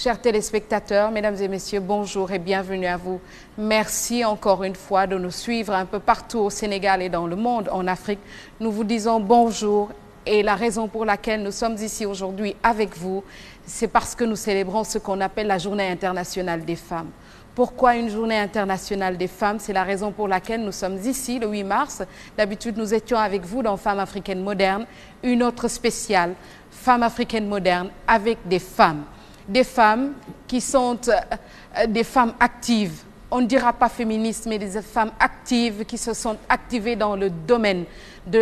Chers téléspectateurs, mesdames et messieurs, bonjour et bienvenue à vous. Merci encore une fois de nous suivre un peu partout au Sénégal et dans le monde, en Afrique. Nous vous disons bonjour et la raison pour laquelle nous sommes ici aujourd'hui avec vous, c'est parce que nous célébrons ce qu'on appelle la Journée internationale des femmes. Pourquoi une journée internationale des femmes? C'est la raison pour laquelle nous sommes ici le mars. D'habitude, avec des femmes. des femmes qui sont euh, euh, des femmes actives. On ne dira pas féministes, mais des femmes actives dans le de,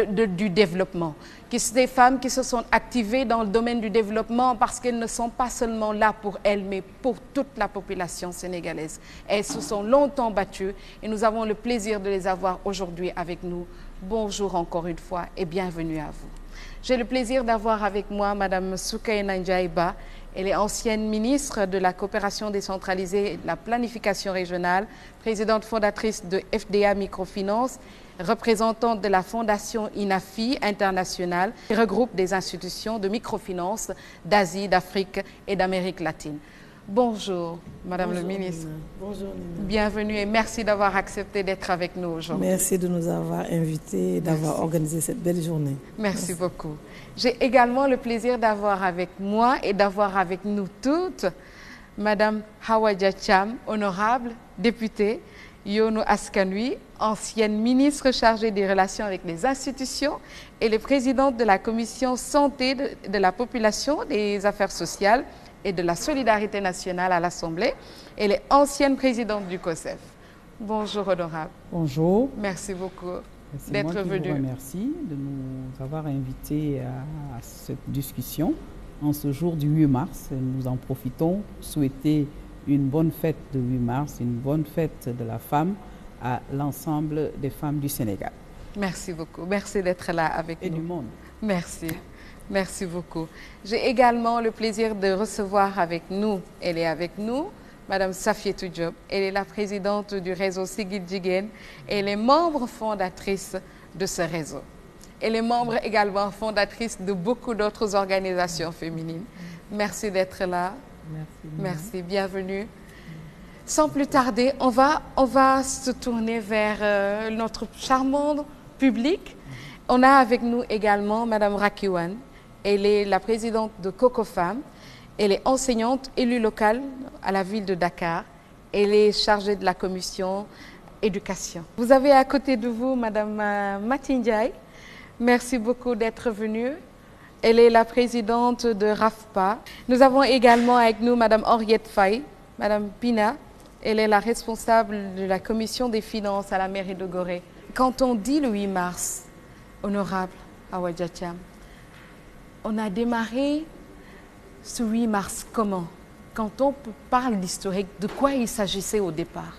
de, du développement. Qui, des femmes qui se sont activées dans le développement parce qu'elles ne sont pas seulement là pour elles, mais pour toute la population sénégalaise. Elles se sont longtemps battues et nous avons le plaisir de les avoir aujourd'hui avec nous. Bonjour encore une fois et bienvenue à vous. J'ai le plaisir d'avoir avec moi Madame Soukaina Elle est ancienne ministre de la coopération décentralisée et de la planification régionale, présidente fondatrice de FDA Microfinance, représentante de la Fondation INAFI internationale qui regroupe des institutions de microfinance d'Asie, d'Afrique et d'Amérique latine. Bonjour, Madame Bonjour, le ministre. Nina. Bonjour, merci d'avoir accepté d'être avec nous aujourd'hui. Merci de nous avoir invités et d'avoir organisé cette belle journée. merci. beaucoup. J'ai également le plaisir d'avoir avec moi et d'avoir avec nous toutes Madame Hawa Dia Thiam, honorable députée Yoonu Askan Wi, ancienne ministre chargée des relations avec les institutions et le présidente de la commission santé de, de la population, des affaires sociales et de la solidarité nationale à l'Assemblée. Elle est ancienne présidente du COSEF. Bonjour honorable. Bonjour. d'être venu. Merci de nous avoir invités à, cette discussion. En ce jour du mars, nous en profitons souhaiter une bonne fête de mars, une bonne fête de la femme à l'ensemble des femmes du Sénégal. Merci beaucoup. Merci d'être là Et du monde. J'ai également le plaisir de recevoir avec nous, elle avec nous, Madame Safietou Diop. Elle est la présidente du réseau Sigil Jigéen et elle est membre fondatrice de ce réseau. Elle est membre également fondatrice de beaucoup d'autres organisations féminines. Merci d'être là. Merci. Merci, bienvenue. Sans plus tarder, on va on va se tourner vers euh, notre charmant public. On a avec nous également Madame Rakiwan. Elle est la présidente de Coco Femmes. Elle est enseignante, élue locale à la ville de Dakar. Elle est chargée de la commission éducation. Vous avez à côté de vous Madame euh, Matindiaï. Merci beaucoup d'être venue. Elle est la présidente de RAFPA. Nous avons également avec nous Madame Henriette Faye, Madame Pina. Elle est la responsable de la commission des finances à la mairie de Gorée. Quand on dit le mars, honorable Awa Dia on a démarré ce 8 mars, comment Quand on de quoi il s'agissait au départ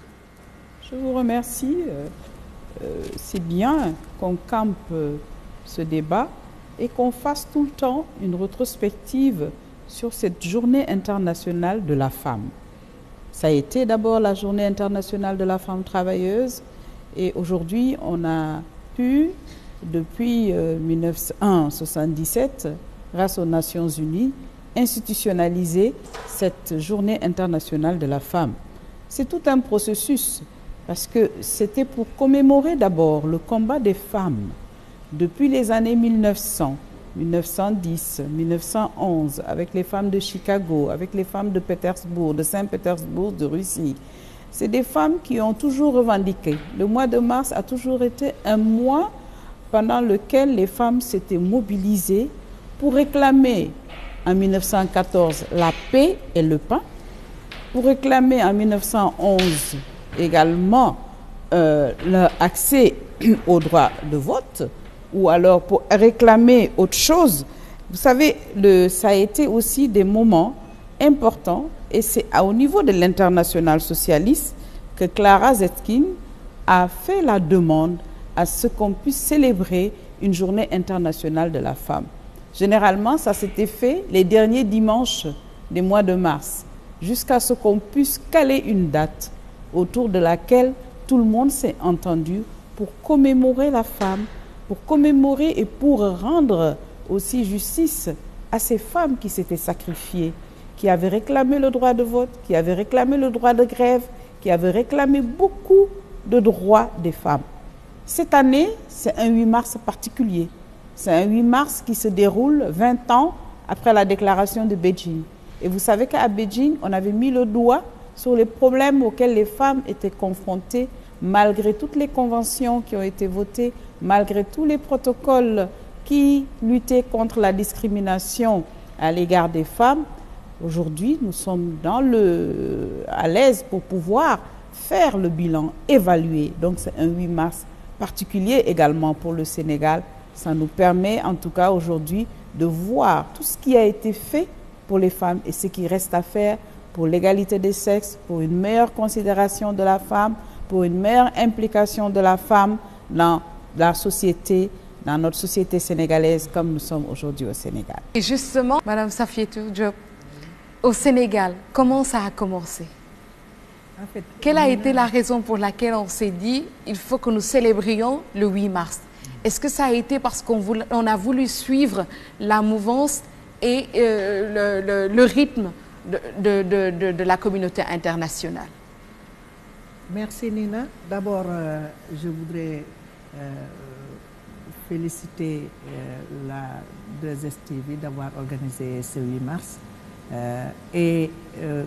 Je vous remercie. Euh, euh C'est bien qu'on campe euh, ce débat et qu'on fasse tout le temps une rétrospective sur cette journée de la femme. Ça a été d'abord la journée internationale de la femme travailleuse et aujourd'hui on a pu, depuis 1977, euh, institutionnaliser cette journée internationale de la femme. C'est tout un processus parce que c'était pour commémorer d'abord le combat des femmes depuis les années 1900, 1910, 1911, avec les femmes de Chicago, avec les femmes de Pétersbourg, de Saint-Pétersbourg, de Russie. C'est des femmes qui ont toujours revendiqué. Le mois de mars a toujours été un mois pendant lequel les femmes s'étaient mobilisées pour réclamer en 1914 la paix et le pain, pour réclamer en 1911 également euh, au droit de vote, ou alors pour réclamer autre chose. Vous savez, le, ça a été aussi des moments importants, et c'est au niveau de l'international socialiste que Clara Zetkin a fait la demande à ce qu'on puisse célébrer une journée internationale de la femme. Généralement, ça s'était fait les derniers dimanches des mois de mars, jusqu'à ce qu'on puisse caler une date autour de laquelle tout le monde s'est entendu pour commémorer la femme, pour commémorer et pour rendre aussi justice à ces femmes qui s'étaient sacrifiées, qui avaient réclamé le droit de vote, qui avaient réclamé le droit de grève, qui avaient réclamé beaucoup de droits des femmes. Cette année, c'est un mars particulier C'est un 8 mars qui se déroule 20 ans après la déclaration de Beijing. Et vous savez qu'à Beijing, on avait mis le doigt sur les problèmes auxquels les femmes étaient confrontées malgré toutes les conventions qui ont été votées, malgré tous les protocoles qui luttaient contre la discrimination à l'égard des femmes. Aujourd'hui, nous sommes dans le, à l'aise pour pouvoir faire le bilan, évaluer. Donc c'est un 8 mars particulier également pour le Sénégal Ça nous permet en tout cas aujourd'hui de voir tout ce qui a été fait pour les femmes et ce qui reste à faire pour l'égalité des sexes, pour une meilleure considération de la femme, pour une meilleure implication de la femme dans la société, dans sénégalaise comme nous sommes aujourd'hui au Sénégal. Madame Safietou Diop, au Sénégal, comment ça a commencé en Quelle a été la raison pour laquelle on s'est dit il faut que nous célébrions le mars Est-ce que ça a été parce qu'on on a voulu suivre la mouvance et euh, le, le, rythme de, la communauté internationale Merci Nina. D'abord, euh, je voudrais euh, féliciter euh, la 2STV d'avoir organisé ce 8 mars euh, et euh,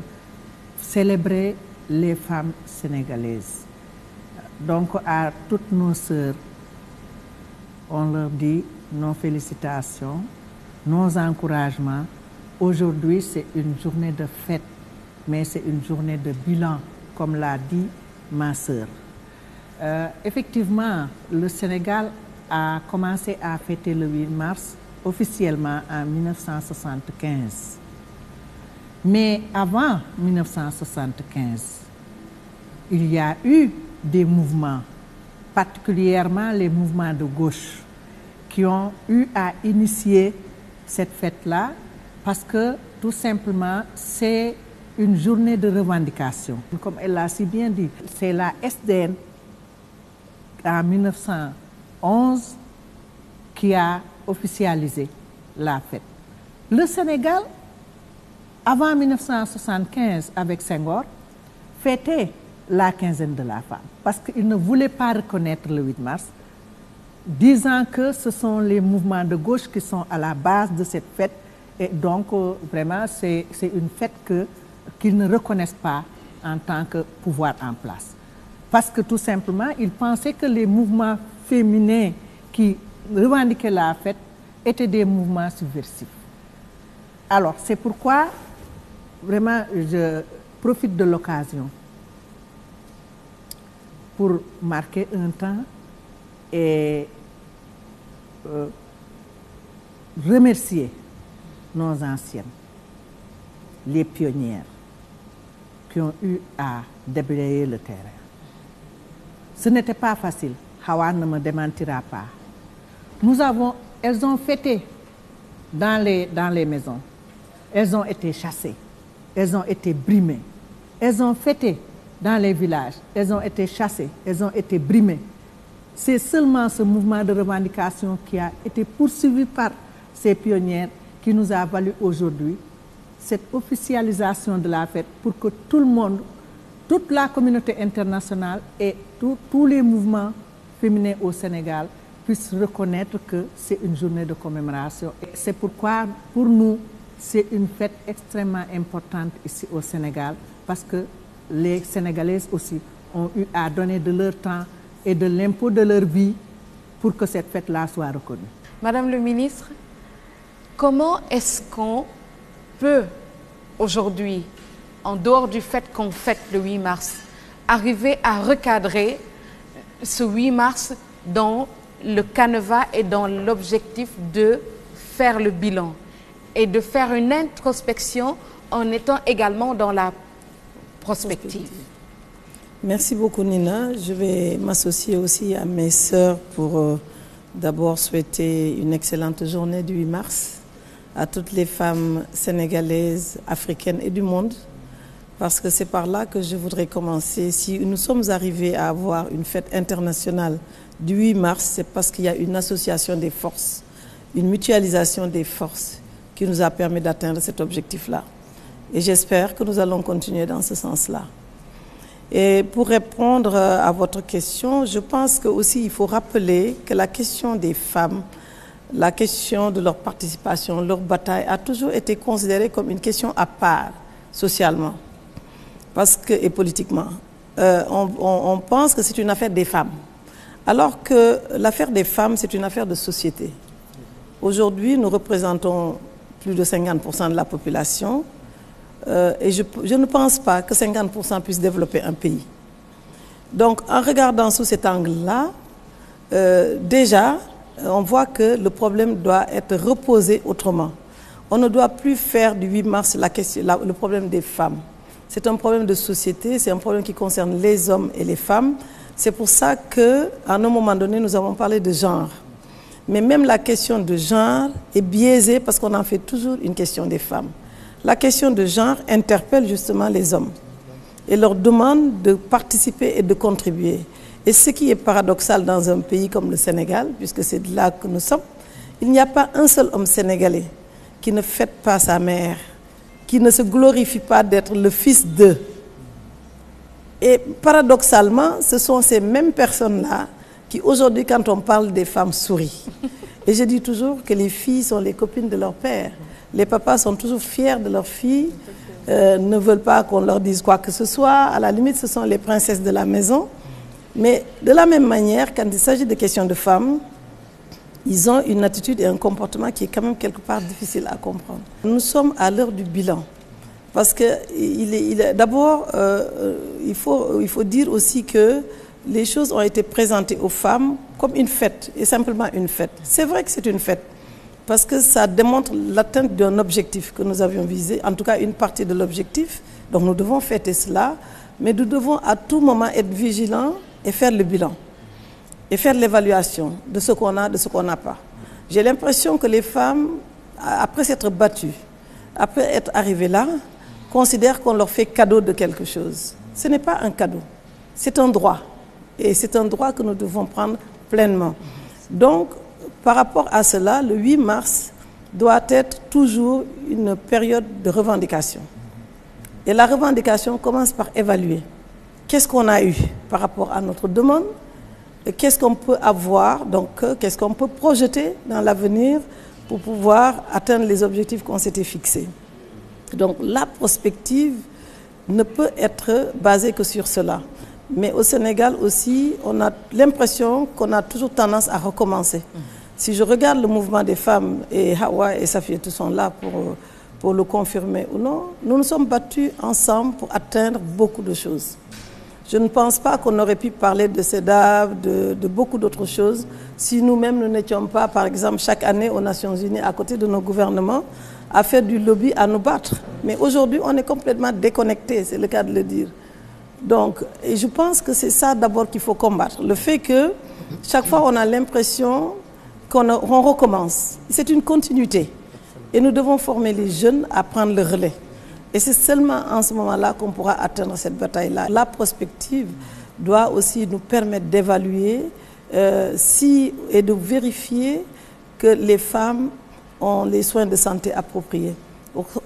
célébrer les femmes sénégalaises. Donc à toutes nos on leur dit nos félicitations, nos encouragements. Aujourd'hui, c'est une journée de mais c'est une journée de bilan, comme l'a dit euh, le Sénégal a commencé à fêter le 8 mars officiellement en 1975. Mais avant 1975, il y a eu des mouvements particulièrement les mouvements de gauche qui ont eu à initier cette fête-là parce que tout simplement c'est une journée de revendication. Comme elle l'a si bien dit, c'est la SDN en 1911 qui a officialisé la fête. Le Sénégal, avant 1975 avec Senghor, fêtait la quinzaine de la femme. parce qu'il ne voulait pas reconnaître le 8 mars, disant que ce sont les mouvements de gauche qui sont à la base de cette fête. Et donc, euh, vraiment, c'est une fête que qu'ils ne reconnaissent pas en tant que pouvoir en place. Parce que tout simplement, ils pensaient que les mouvements féminins qui revendiquaient la fête étaient des mouvements subversifs. Alors, c'est pourquoi, vraiment, je profite de l'occasion pour marquer un temps et euh, remercier nos anciennes, les pionnières qui ont eu à déblayer le terrain. Ce n'était pas facile, Hawa ne me démentira pas. Nous avons, elles ont fêté dans les, dans les maisons. Elles ont été chassées, elles ont été brimées, elles ont fêté dans les villages elles ont été chassées elles ont été brimées c'est seulement ce mouvement de revendication qui a été poursuivi par ces pionnières qui nous a valu aujourd'hui cette officialisation de la fête pour que tout le monde toute la communauté internationale et tout, tous les mouvements féminins au Sénégal puissent reconnaître que c'est une journée de commémoration. Et c'est pourquoi pour nous c'est une fête extrêmement importante ici au Sénégal les Sénégalaises aussi ont eu à donner de leur temps et de l'impôt de leur vie pour que cette fête-là soit reconnue. Madame le ministre, comment est-ce qu'on peut aujourd'hui, en dehors du fait qu'on fête le 8 mars, arriver à recadrer ce mars dans le canevas et dans l'objectif de faire le bilan et de faire une introspection en étant également dans la prospective. Merci beaucoup Nina. Je vais m'associer aussi à mes sœurs pour euh, d'abord souhaiter une excellente journée du mars à toutes les femmes sénégalaises, africaines et du monde parce que c'est par là que je voudrais commencer. Si nous sommes arrivés à avoir une fête internationale du 8 mars, c'est parce qu'il y a une association des forces, une mutualisation des forces qui nous a permis d'atteindre cet objectif-là. Et j'espère que nous allons continuer dans ce sens-là. Et pour répondre à votre question, je pense que aussi il faut rappeler que la question des femmes, la question de leur participation, leur bataille a toujours été considérée comme une question à part socialement parce que, et politiquement. Euh, on, on, on pense que c'est une affaire des femmes, alors que l'affaire des femmes, c'est une affaire de société. Aujourd'hui, nous représentons plus de 50% de la population. Euh, je, je ne pense pas que 50% puisse développer un pays. Donc, en regardant sous cet angle-là, euh, déjà, on voit que le problème doit être reposé autrement. On ne doit plus faire du 8 mars la question, la, le problème des femmes. C'est un problème de société, c'est un problème qui concerne les hommes et les femmes. C'est pour ça que, à un moment donné, nous avons parlé de genre. Mais même la question de genre est biaisée parce qu'on en fait toujours une question des femmes. La question de genre interpelle justement les hommes et leur demande de participer et de contribuer. Et ce qui est paradoxal dans un pays comme le Sénégal, puisque c'est de là que nous sommes, il n'y a pas un seul homme sénégalais qui ne fête pas sa mère, qui ne se glorifie pas d'être le fils d'eux. Et paradoxalement, ce sont ces mêmes personnes-là qui aujourd'hui, quand on parle des femmes, sourient. Et je dis toujours que les filles sont les copines de leur père. les papas sont toujours fiers de leurs filles, euh, ne veulent pas qu'on leur dise quoi que ce soit. À la limite, ce sont les princesses de la maison. Mais de la même manière, quand il s'agit de questions de femmes, ils ont une attitude et un comportement qui est quand même quelque part difficile à comprendre. Nous sommes à l'heure du bilan. Parce que il, il d'abord, euh, euh, il, faut, il faut dire aussi que les choses ont été présentées aux femmes comme une fête, et simplement une fête. C'est vrai que c'est une fête. parce que ça démontre l'atteinte d'un objectif que nous avions visé, en tout cas une partie de l'objectif. Donc nous devons fêter cela, mais nous devons à tout moment être vigilants et faire le bilan, et faire l'évaluation de ce qu'on a, de ce qu'on n'a pas. J'ai l'impression que les femmes, après s'être battues, après être arrivées là, considèrent qu'on leur fait cadeau de quelque chose. Ce n'est pas un cadeau, c'est un droit. Et c'est un droit que nous devons prendre pleinement. Donc, Par rapport à cela, le 8 mars doit être toujours une période de revendication. Et la revendication commence par évaluer qu'est-ce qu'on a eu par rapport à notre demande, qu'est-ce qu'on peut avoir, donc euh, qu'est-ce qu'on peut projeter dans l'avenir pour pouvoir atteindre les objectifs qu'on s'était fixés. Donc la prospective ne peut être basée que sur cela. Mais au Sénégal aussi, on a l'impression qu'on a toujours tendance à recommencer. Si je regarde le mouvement des femmes, et Hawa et Safietou sont là pour, pour le confirmer ou non, nous nous sommes battus ensemble pour atteindre beaucoup de choses. Je ne pense pas qu'on aurait pu parler de CEDAV, de, de beaucoup d'autres choses, si nous-mêmes nous n'étions nous pas, par exemple, chaque année aux Nations Unies, à côté de nos gouvernements, à faire du lobby, à nous battre. Mais aujourd'hui, on est complètement déconnecté, c'est le cas de le dire. Donc, et je pense que c'est ça d'abord qu'il faut combattre. Le fait que chaque fois, on a l'impression qu'on on recommence. C'est une continuité. Et nous devons former les jeunes à prendre le relais. Et c'est seulement en ce moment-là qu'on pourra atteindre cette bataille-là. La prospective doit aussi nous permettre d'évaluer euh, si et de vérifier que les femmes ont les soins de santé appropriés.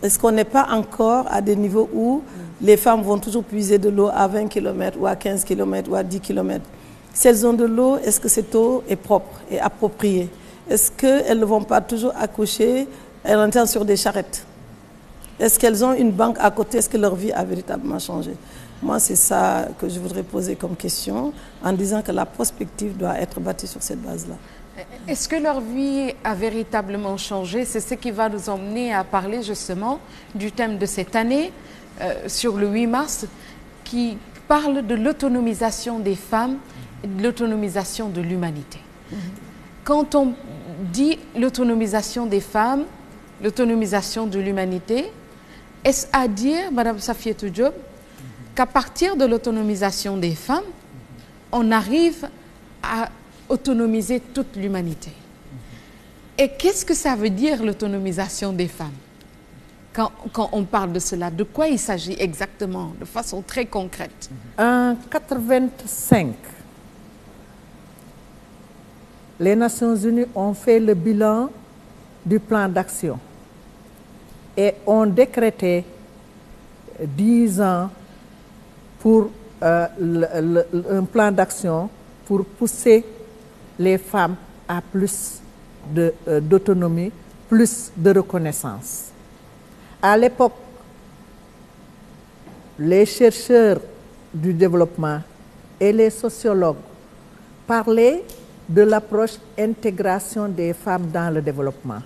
Est-ce qu'on n'est pas encore à des niveaux où les femmes vont toujours puiser de l'eau à 20 km ou à 15 km ou à 10 km Celles ont de l'eau, est-ce que cette eau est propre et appropriée Est-ce qu'elles ne vont pas toujours accoucher elles rentrent sur des charrettes Est-ce qu'elles ont une banque à côté Est-ce que leur vie a véritablement changé Moi, c'est ça que je voudrais poser comme question en disant que la prospective doit être bâtie sur cette base-là. Est-ce que leur vie a véritablement changé C'est ce qui va nous emmener à parler justement du thème de cette année euh, sur le 8 mars qui parle de l'autonomisation des femmes l'autonomisation de l'humanité. Mm -hmm. Quand on dit l'autonomisation de l'humanité, est à dire, Madame Safietou Diop, mm -hmm. qu'à des femmes, on arrive à autonomiser toute l'humanité et qu'est-ce que ça veut dire l'autonomisation des femmes quand, quand on parle de cela, de quoi il exactement, de façon très concrète En 85, les Nations Unies ont fait le bilan du plan d'action et ont décrété dix ans pour euh, le, le, un pour pousser les femmes à plus de euh, d'autonomie, plus de reconnaissance. À l'époque, les chercheurs du développement et les sociologues parlaient de l'approche intégration des femmes dans le développement.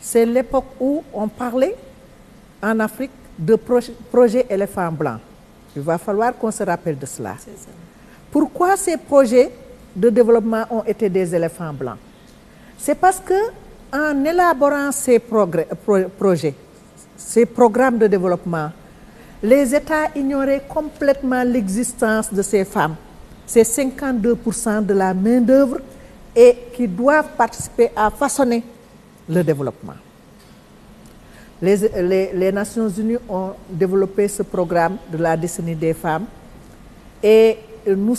C'est l'époque où on parlait en Afrique de projet, projet éléphant blanc. Il va falloir qu'on se rappelle de cela. C'est ça. Pourquoi ces projets de développement ont été des éléphants blancs? C'est parce que en élaborant ces progrès, pro, projets, ces programmes de développement, les États ignoraient complètement l'existence de ces femmes. c'est 52 pour cent de la main-d'œuvre et qui doivent participer à façonner le développement. Les, les, les Nations Unies ont développé ce programme de la décennie des femmes et nous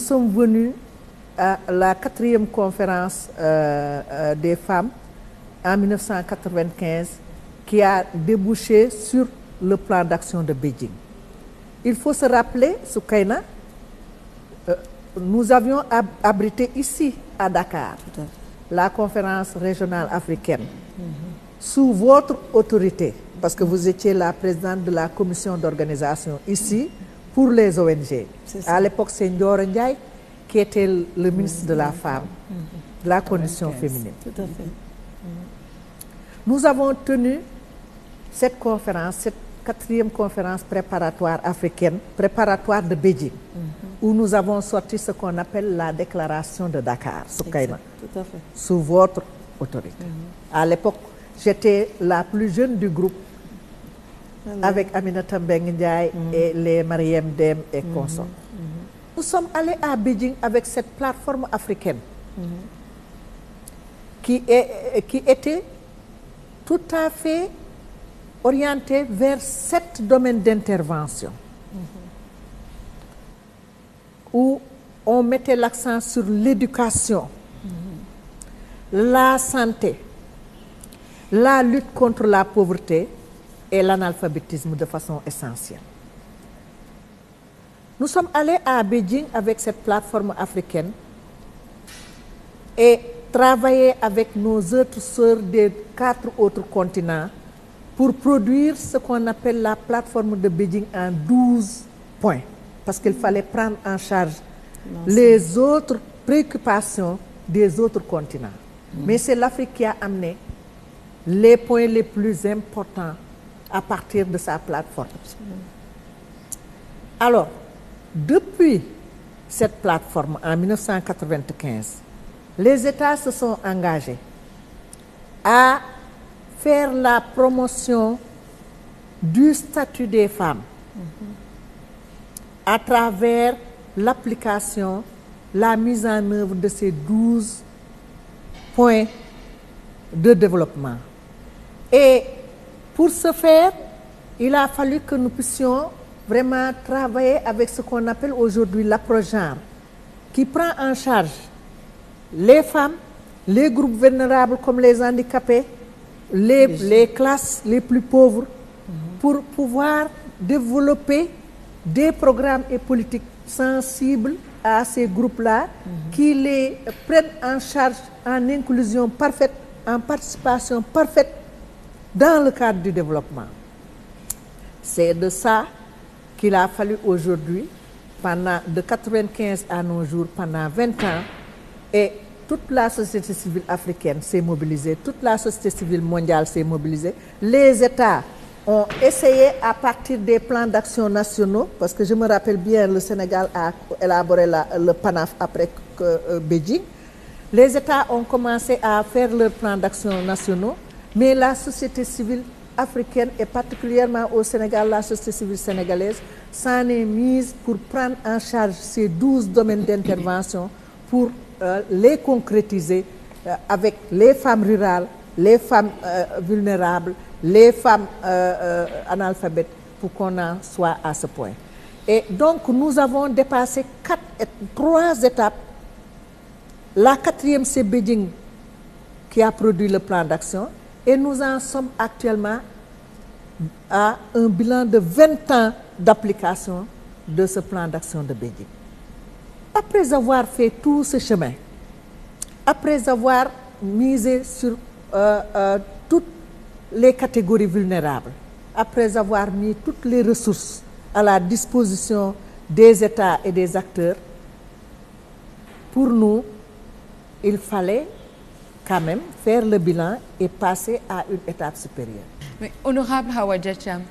à la quatrième conférence euh, euh des femmes en 1995 qui a débouché sur le plan d'action de Beijing. Il faut se rappeler, Soukaina, euh, nous avions ab abrité ici à Dakar la conférence régionale africaine sous votre autorité parce que vous étiez la présidente de la commission d'organisation ici pour les ONG à l'époque c'est Ndioro Ndiaye qui était le ministre de la mm-hmm. femme de mm-hmm. la condition féminine Tout à fait. Mm-hmm. nous avons tenu cette conférence cette quatrième conférence préparatoire africaine préparatoire de Beijing où nous avons sorti ce qu'on appelle la déclaration de Dakar sur Caïman. Tout à fait. Sous votre autorité. Mhm. À l'époque, j'étais la plus jeune du groupe Alors. Ah avec Aminata Mbengue Ndiaye mhm. et les Mariem Dem et mhm. consorts. Nous sommes allés à Beijing avec cette plateforme africaine qui, est, euh, qui était tout à fait orientée vers sept domaines d'intervention. où on mettait l'accent sur l'éducation, la santé, la lutte contre la pauvreté et l'analphabétisme de façon essentielle. Nous sommes allés à Beijing avec cette plateforme africaine et travaillé avec nos autres sœurs des quatre autres continents pour produire ce qu'on appelle la plateforme de Beijing en 12 points. parce qu'il fallait prendre en charge les autres préoccupations des autres continents. Mm. Mais c'est l'Afrique qui a amené les points les plus importants à partir de sa plateforme. Absolument. Alors, depuis cette plateforme en 1995, les États se sont engagés à faire la promotion du des femmes. Mm-hmm. à travers l'application la mise en œuvre de ces douze points de développement et pour ce faire il a fallu que nous puissions vraiment travailler avec ce qu'on appelle aujourd'hui l'APROGENRE qui prend en charge les femmes les groupes vulnérables comme les handicapés les, les classes les plus pauvres mm -hmm. pour pouvoir développer des programmes et politiques sensibles à ces groupes-là, mmh. qui les en charge en inclusion parfaite, en participation parfaite dans le cadre du développement. C'est de ça qu'il a fallu aujourd'hui, pendant de 95 à nos jours, pendant 20 ans, et toute la société civile africaine s'est mobilisée, toute la société civile mondiale s'est mobilisée, les États ont essayé à partir des plans d'action nationaux, parce que je me rappelle bien, le Sénégal a élaboré la, le PANAF après que, euh, Beijing. Les États ont commencé à faire leurs plans d'action nationaux, mais la société civile africaine et particulièrement au Sénégal, la société civile sénégalaise s'en est mise pour prendre en charge ces 12 domaines d'intervention pour euh, les concrétiser euh, avec les femmes rurales, les femmes euh, vulnérables, les femmes euh, euh, analphabètes pour qu'on soit à ce point. Et donc nous avons dépassé quatre, trois étapes. La quatrième, c'est Beijing qui a produit le plan d'action et nous en sommes actuellement à un bilan de 20 ans d'application de ce plan d'action de Beijing. Après avoir fait tout ce chemin, après avoir misé sur euh, euh, les catégories vulnérables après avoir mis toutes les ressources à la disposition des États et des acteurs pour nous il fallait quand même faire le bilan et passer à une étape supérieure. honorable Hawa Diacham,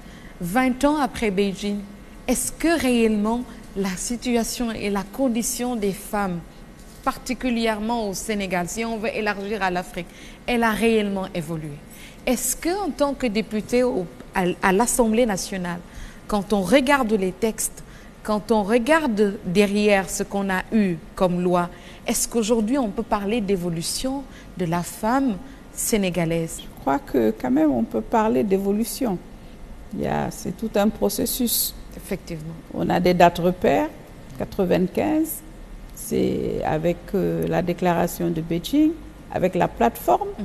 ans après Beijing, est-ce que réellement la situation et la condition des femmes, particulièrement au Sénégal, si on veut élargir à l'Afrique, elle a réellement évolué? Est-ce que en tant que député au, à, à l'Assemblée nationale, quand on regarde les ce qu'on a eu comme loi, de la femme sénégalaise Je crois que quand même tout un processus. Effectivement. On des dates repères, 95, c'est avec euh, la déclaration de avec la plateforme. Mhm.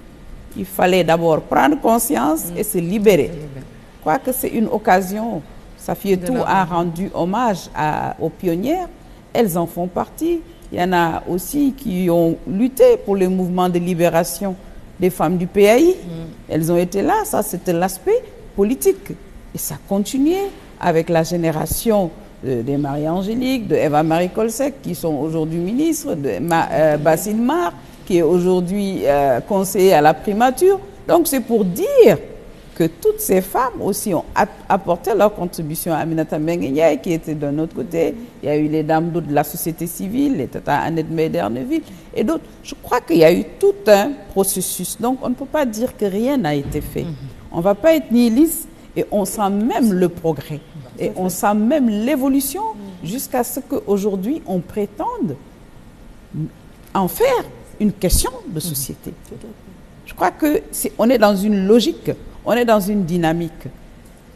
il fallait d'abord prendre conscience et se libérer. Quoique c'est une occasion, Safietou a rendu hommage à, aux pionnières, elles en font partie. Il y en a aussi qui ont lutté pour le mouvement de libération des femmes du PAI. Mm. Elles ont été là, ça c'était l'aspect politique. Et ça continuait avec la génération euh, des Marie-Angélique, de Eva-Marie Colsec, qui sont aujourd'hui ministres, de euh, qui est aujourd'hui euh, conseiller à la primature. Donc c'est pour dire que toutes ces femmes aussi ont apporté leur contribution à Aminata Mengenyaï qui était d'un autre côté. Il y a eu les dames de la société civile, les Tata Annette Meyderneville et d'autres. Je crois qu'il y a eu tout un processus. Donc on ne peut pas dire que rien n'a été fait. Mm-hmm. et on sent même le progrès. Et on sent même l'évolution jusqu'à ce qu'aujourd'hui on prétende en faire une question de mm-hmm. société. Je crois que c'est on est dans une logique, on est dans une dynamique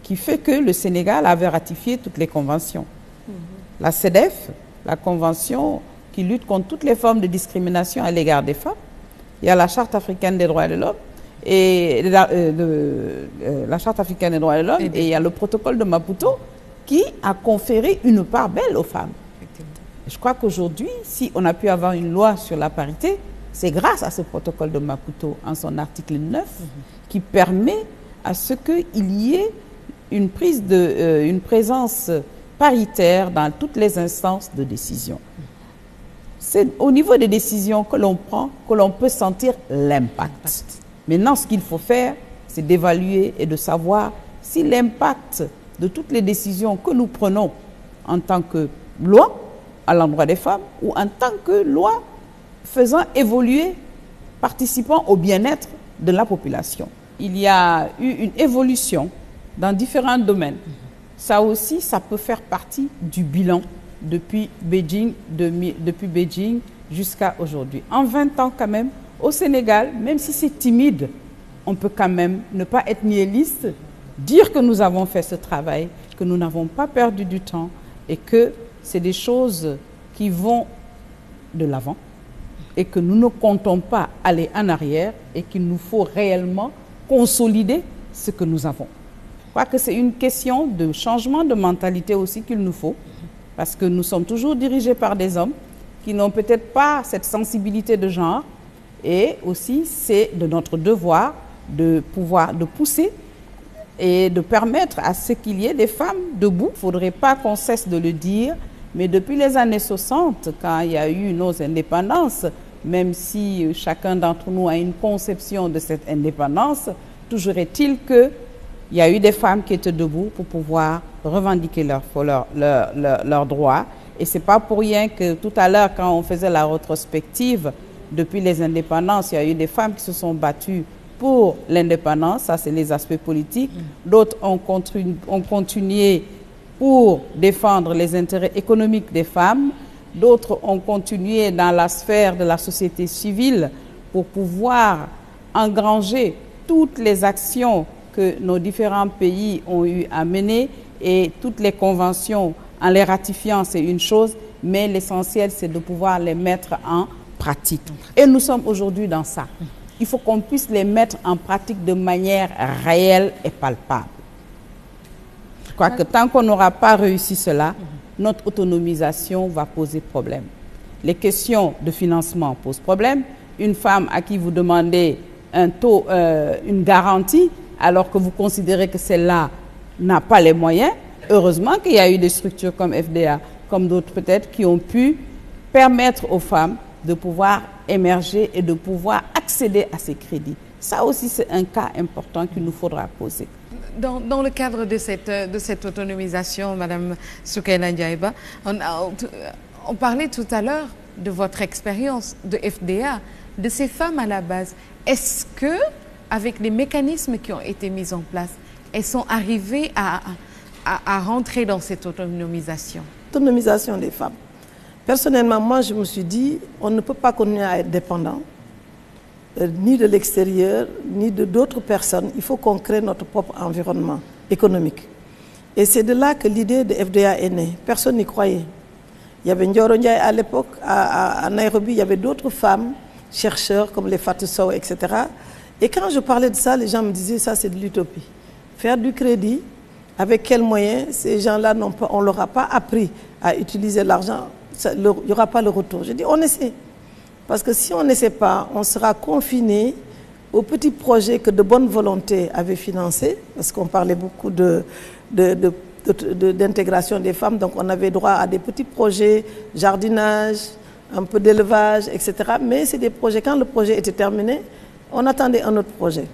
qui fait que le Sénégal avait ratifié toutes les conventions. Mm-hmm. La CEDEF, la convention qui lutte contre toutes les formes de discrimination à l'égard des femmes. Il y a la Charte africaine des droits de l'homme et le, euh, euh, des droits y a le protocole de Maputo qui a conféré une part belle aux femmes. Je crois qu'aujourd'hui, si on a pu avoir une loi sur la parité, C'est grâce à ce protocole de Maputo, en son article 9, qui permet à ce qu'il y ait une, prise de, euh, une présence paritaire dans toutes les instances de décision. C'est au niveau des décisions que l'on prend que l'on peut sentir l'impact. Maintenant, ce qu'il faut faire, c'est d'évaluer et de savoir si l'impact de toutes les décisions que nous prenons en tant que loi à l'endroit des femmes ou en tant que loi faisant évoluer, participant au bien-être de la population. Il y a eu une évolution dans différents domaines. Ça aussi, ça peut faire partie du bilan depuis Beijing, de, depuis Beijing jusqu'à aujourd'hui. En 20 ans quand même, au Sénégal, même si c'est timide, on peut quand même ne pas être nihiliste, dire que nous avons fait ce travail, que nous n'avons pas perdu du temps et que c'est des choses qui vont de l'avant. et que nous ne comptons pas aller en arrière et qu'il nous faut réellement consolider ce que nous avons. Je crois que c'est une question de changement de mentalité aussi qu'il nous faut, parce que nous sommes toujours dirigés par des hommes qui n'ont peut-être pas cette sensibilité de genre, et aussi c'est de notre devoir de pouvoir de pousser et de permettre à ce qu'il y ait des femmes debout. Il ne faudrait pas qu'on cesse de le dire, Mais depuis les années 60, quand il y a eu nos indépendances, même si chacun d'entre nous a une conception de cette indépendance, toujours est-il qu'il y a eu des femmes qui étaient debout pour pouvoir revendiquer leurs leur, leur, leur, leur droits. Et ce n'est pas pour rien que tout à l'heure, quand on faisait la rétrospective, depuis les indépendances, il y a eu des femmes qui se sont battues pour l'indépendance, ça c'est les aspects politiques. Mm. D'autres ont continué pour défendre les intérêts économiques des femmes. D'autres ont continué dans la sphère de la société civile pour pouvoir engranger toutes les actions que nos différents pays ont eu à mener et toutes les conventions en les ratifiant, c'est une chose, mais l'essentiel, c'est de pouvoir les mettre en pratique. Et nous sommes aujourd'hui dans ça. Il faut qu'on puisse les mettre en pratique de manière réelle et palpable. crois que tant qu'on n'aura pas réussi cela, notre autonomisation va poser problème. Les questions de financement posent problème. Une femme à qui vous demandez un taux, euh, une garantie, alors que vous considérez que celle-là n'a pas les moyens, heureusement qu'il y a eu des structures comme FDA, comme d'autres peut-être, qui ont pu permettre aux femmes de pouvoir émerger et de pouvoir accéder à ces crédits. Ça aussi, c'est un cas important qu'il nous faudra poser. dans dans le cadre de cette de cette autonomisation Madame Soukaina Ndiaye Ba on a, on parlait tout à l'heure de votre expérience de FDA de ces femmes à la base est-ce que avec les mécanismes qui ont été mis en place elles sont arrivées à à, à rentrer dans cette autonomisation autonomisation des femmes personnellement moi je me suis dit on ne peut pas continuer à être dépendant euh, ni de l'extérieur, ni de d'autres personnes. Il faut qu'on crée notre propre environnement économique. Et c'est de là que l'idée de FDA est née. Personne n'y croyait. Il y avait Ndioro à l'époque, à, à, il y avait d'autres femmes, chercheurs comme les Fatou Sow, etc. Et quand je parlais de ça, les gens me disaient ça c'est de l'utopie. Faire du crédit, avec quels moyens ces gens-là n'ont pas, on leur a pas appris à utiliser l'argent, il n'y aura pas le retour. Je dis Parce que si on n'essaie pas, on sera confiné aux petits projets que de bonnes volontés avaient financés, parce qu'on parlait beaucoup de, de, de d'intégration des femmes. Donc on avait droit à des petits projets, jardinage, un peu d'élevage, etc. Mais c'est des projets, quand le projet était terminé, on attendait un autre projet.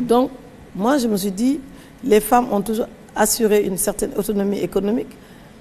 Donc moi, je me suis dit, les femmes ont toujours assuré une certaine autonomie économique.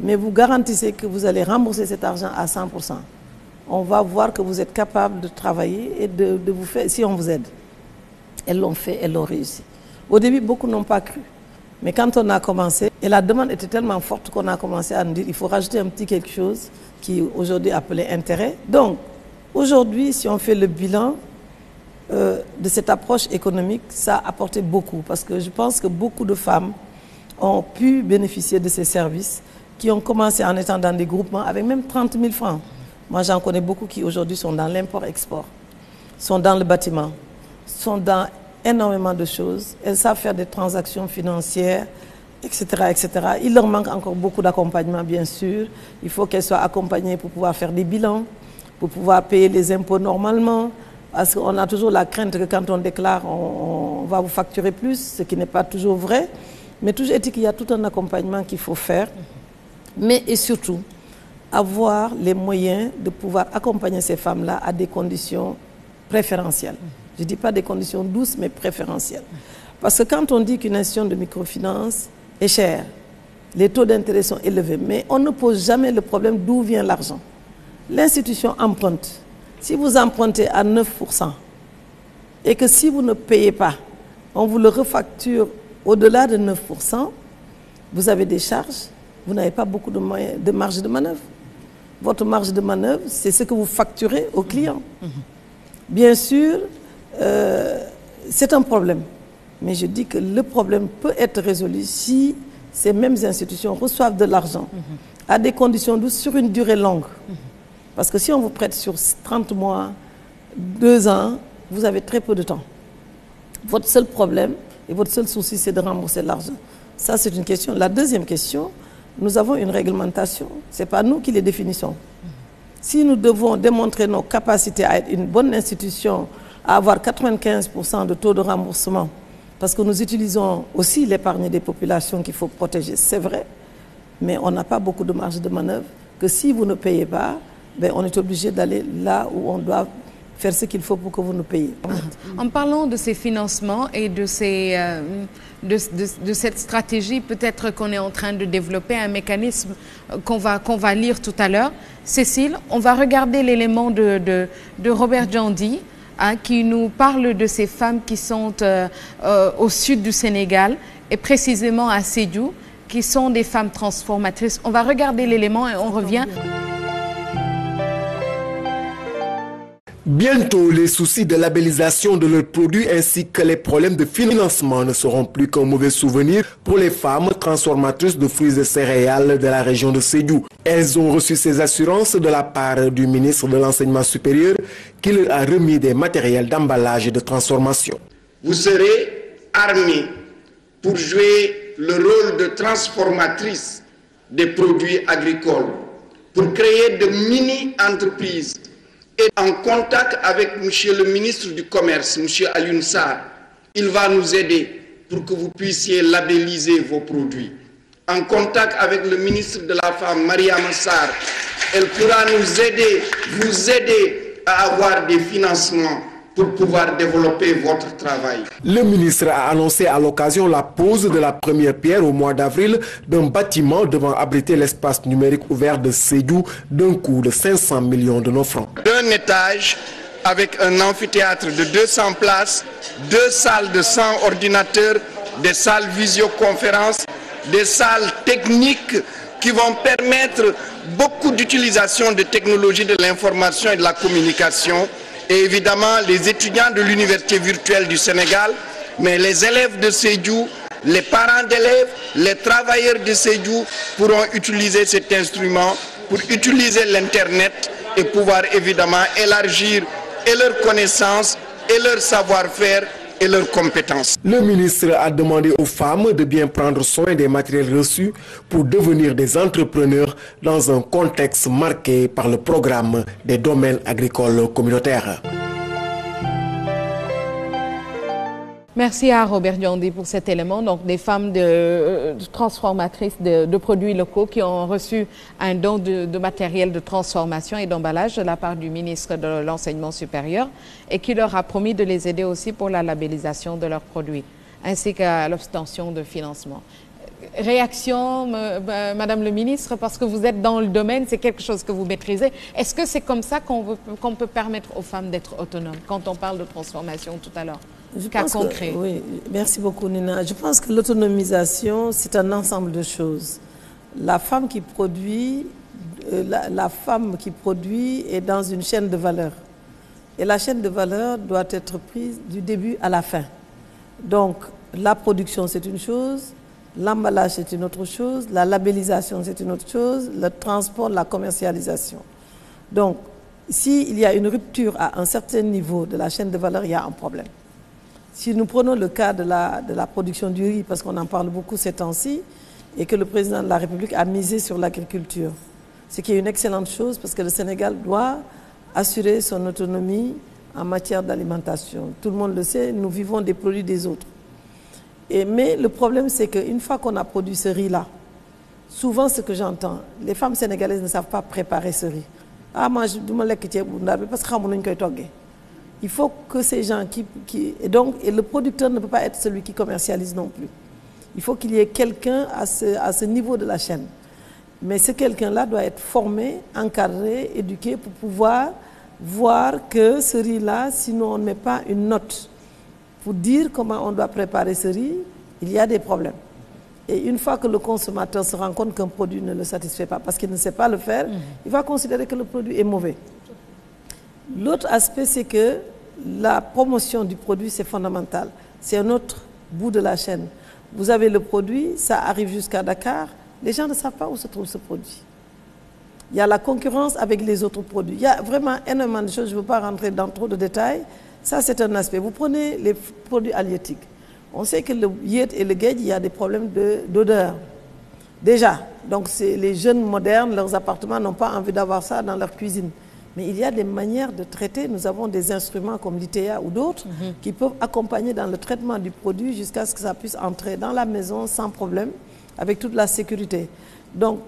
mais vous garantissez que vous allez rembourser cet argent à 100 pour cent on va voir que vous êtes capable de travailler et de de vous faire si on vous aide elles l'ont fait elles l'ont réussi au début beaucoup n'ont pas cru mais quand on a commencé et la demande était tellement forte qu'on a commencé à nous dire il faut rajouter un petit quelque chose qui aujourd'hui donc aujourd'hui si on fait le bilan euh, de cette approche économique ça a apporté beaucoup parce que je pense que beaucoup de femmes ont pu bénéficier de ces services qui ont commencé en étant dans des groupements avec même 30 000 francs. Moi, j'en connais beaucoup qui aujourd'hui sont dans l'import-export, sont dans le bâtiment, sont dans énormément de choses. Elles savent faire des transactions financières, etc. etc. Il leur manque encore beaucoup d'accompagnement, bien sûr. Il faut qu'elles soient accompagnées pour pouvoir faire des bilans, pour pouvoir payer les impôts normalement. Parce qu'on a toujours la crainte que quand on déclare, on, on va vous facturer toujours vrai. Mais toujours est-il a tout un accompagnement qu'il mais et surtout avoir les moyens de pouvoir accompagner ces femmes-là à des conditions préférentielles. Je ne dis pas des conditions douces, mais préférentielles. Parce que quand on dit qu'une institution de microfinance est chère, les taux d'intérêt sont élevés, mais on ne pose jamais le problème d'où vient l'argent. L'institution emprunte. Si vous empruntez à 9% et que si vous ne payez pas, on vous le refacture au-delà de 9%, vous avez des charges, vous n'avez pas beaucoup de moyens de marge de manœuvre votre marge de manœuvre c'est ce que vous facturez au client bien sûr euh, c'est un problème mais je dis que le problème peut être résolu si ces mêmes institutions reçoivent de l'argent à des conditions douces sur une durée longue parce que si on vous prête sur 30 mois deux ans vous avez très peu de temps votre seul problème et votre seul souci c'est de rembourser l'argent ça c'est une question la deuxième question nous avons une réglementation. C'est pas nous qui les définissons. Si nous devons démontrer nos capacités à être une bonne institution, à avoir 95% de taux de remboursement, parce que nous utilisons aussi l'épargne des populations qu'il faut protéger, c'est vrai, mais on n'a pas beaucoup de marge de manœuvre, que si vous ne payez pas, ben on est obligé d'aller là faire ce qu'il faut pour que vous nous payiez. En parlant de ces financements et de ces euh, de, de de cette stratégie, peut-être qu'on est en train de développer un mécanisme euh, qu'on va qu'on va lire tout à l'heure. Cécile, on va regarder l'élément de de de Robert Djandi. Hein, qui nous parle de ces femmes qui sont euh, euh, au sud du Sénégal et précisément à Sédhiou, qui sont des femmes transformatrices. On va regarder l'élément et on revient. Bientôt, les soucis de labellisation de leurs produits ainsi que les problèmes de financement ne seront plus qu'un mauvais souvenir pour les femmes transformatrices de fruits et céréales de la région de Sédhiou. Elles ont reçu ces assurances de la part du ministre de l'Enseignement supérieur qui leur a remis des matériels d'emballage et de transformation. Vous serez armés pour jouer le rôle de transformatrice des produits agricoles, pour créer de mini-entreprises est en contact avec monsieur le ministre du Commerce, monsieur Alioune Sarr. Il va nous aider pour que vous puissiez labelliser vos produits. En contact avec le ministre de la Femme, Mariama Sarr, elle pourra nous aider, vous aider à avoir des financements pour pouvoir développer votre travail. Le ministre a annoncé à l'occasion la pose de la première pierre au mois d'avril d'un bâtiment devant abriter l'espace numérique ouvert de Sédhiou d'un coût de 500 millions de nos francs. D'un étage avec un amphithéâtre de 200 places, deux salles de 100 ordinateur des salles visioconférences, des salles techniques qui vont permettre beaucoup d'utilisation de technologies de l'information et de la communication et évidemment les étudiants de l'Université virtuelle du Sénégal, mais les élèves de Sédhiou, les parents d'élèves, les travailleurs de Sédhiou pourront utiliser cet instrument pour utiliser l'Internet et pouvoir évidemment élargir et leurs connaissances et leur savoir-faire et leurs Le ministre a demandé aux femmes de bien prendre soin des matériels reçus pour devenir des entrepreneurs dans un contexte marqué par le programme des domaines agricoles communautaires. Merci à Robert Diondi pour cet élément. Donc, des femmes de, de euh, de, de, produits locaux qui ont reçu un don de, de matériel de transformation et d'emballage de la part du ministre de l'Enseignement supérieur et qui leur a promis de les aider aussi pour la labellisation de leurs produits, ainsi qu'à l'obtention de financement. Réaction, Madame le ministre, parce que vous êtes dans le domaine, c'est quelque chose que vous maîtrisez. Est-ce que c'est comme permettre aux femmes je cas pense concret que, oui je pense que l'autonomisation c'est un ensemble de choses la femme euh, la, la femme qui produit est dans une chaîne de valeur et la chaîne de valeur doit être prise du début à la fin donc la production c'est une chose l'emballage c'est une autre chose la labellisation c'est une autre chose le transport la commercialisation donc s'il y a une rupture à un certain niveau de la chaîne de valeur il y a un problème Si nous prenons le cas de la, de la production du riz, parce qu'on en parle beaucoup ces temps-ci, et que le président de la République a misé sur l'agriculture, ce qui est une excellente chose parce que le Sénégal doit assurer son autonomie en matière d'alimentation. Tout le monde le sait, nous vivons des produits des autres. Et, mais le problème, c'est qu'une fois qu'on a produit ce riz-là, souvent ce que j'entends, les femmes sénégalaises ne savent pas préparer ce riz. Ah, moi, je ne sais pas parce que je ne il faut que ces gens qui, qui et donc et le producteur ne peut pas être celui qui commercialise non plus. Il faut qu'il y ait quelqu'un à ce, à ce niveau de la chaîne. Mais ce quelqu'un-là doit être formé, encadré, éduqué pour pouvoir voir que ce riz-là, sinon on ne met pas une note pour dire comment on doit préparer ce riz, il y a des problèmes. Et une fois que le consommateur se rend compte qu'un produit ne le satisfait pas parce qu'il ne sait pas le faire, mmh. il va considérer que le produit est mauvais. L'autre aspect, c'est que la promotion du produit, c'est fondamental. C'est un autre bout de la chaîne. Vous avez le produit, ça arrive jusqu'à Dakar. Les gens ne savent pas où se trouve ce produit. Il y a la concurrence avec les autres produits. Il y a vraiment énormément de choses. Je ne veux pas rentrer dans trop de détails. c'est un aspect. Vous prenez les produits halieutiques. On sait que le yet et le guet, il y a des problèmes d'odeur. De, Déjà. Donc, les jeunes modernes, leurs appartements n'ont pas envie d'avoir ça dans Mais il y a des manières de traiter. Nous avons des instruments comme l'ITA ou d'autres mm qui peuvent accompagner dans le traitement du produit jusqu'à ce que ça puisse entrer dans la maison sans problème, avec toute la sécurité. Donc,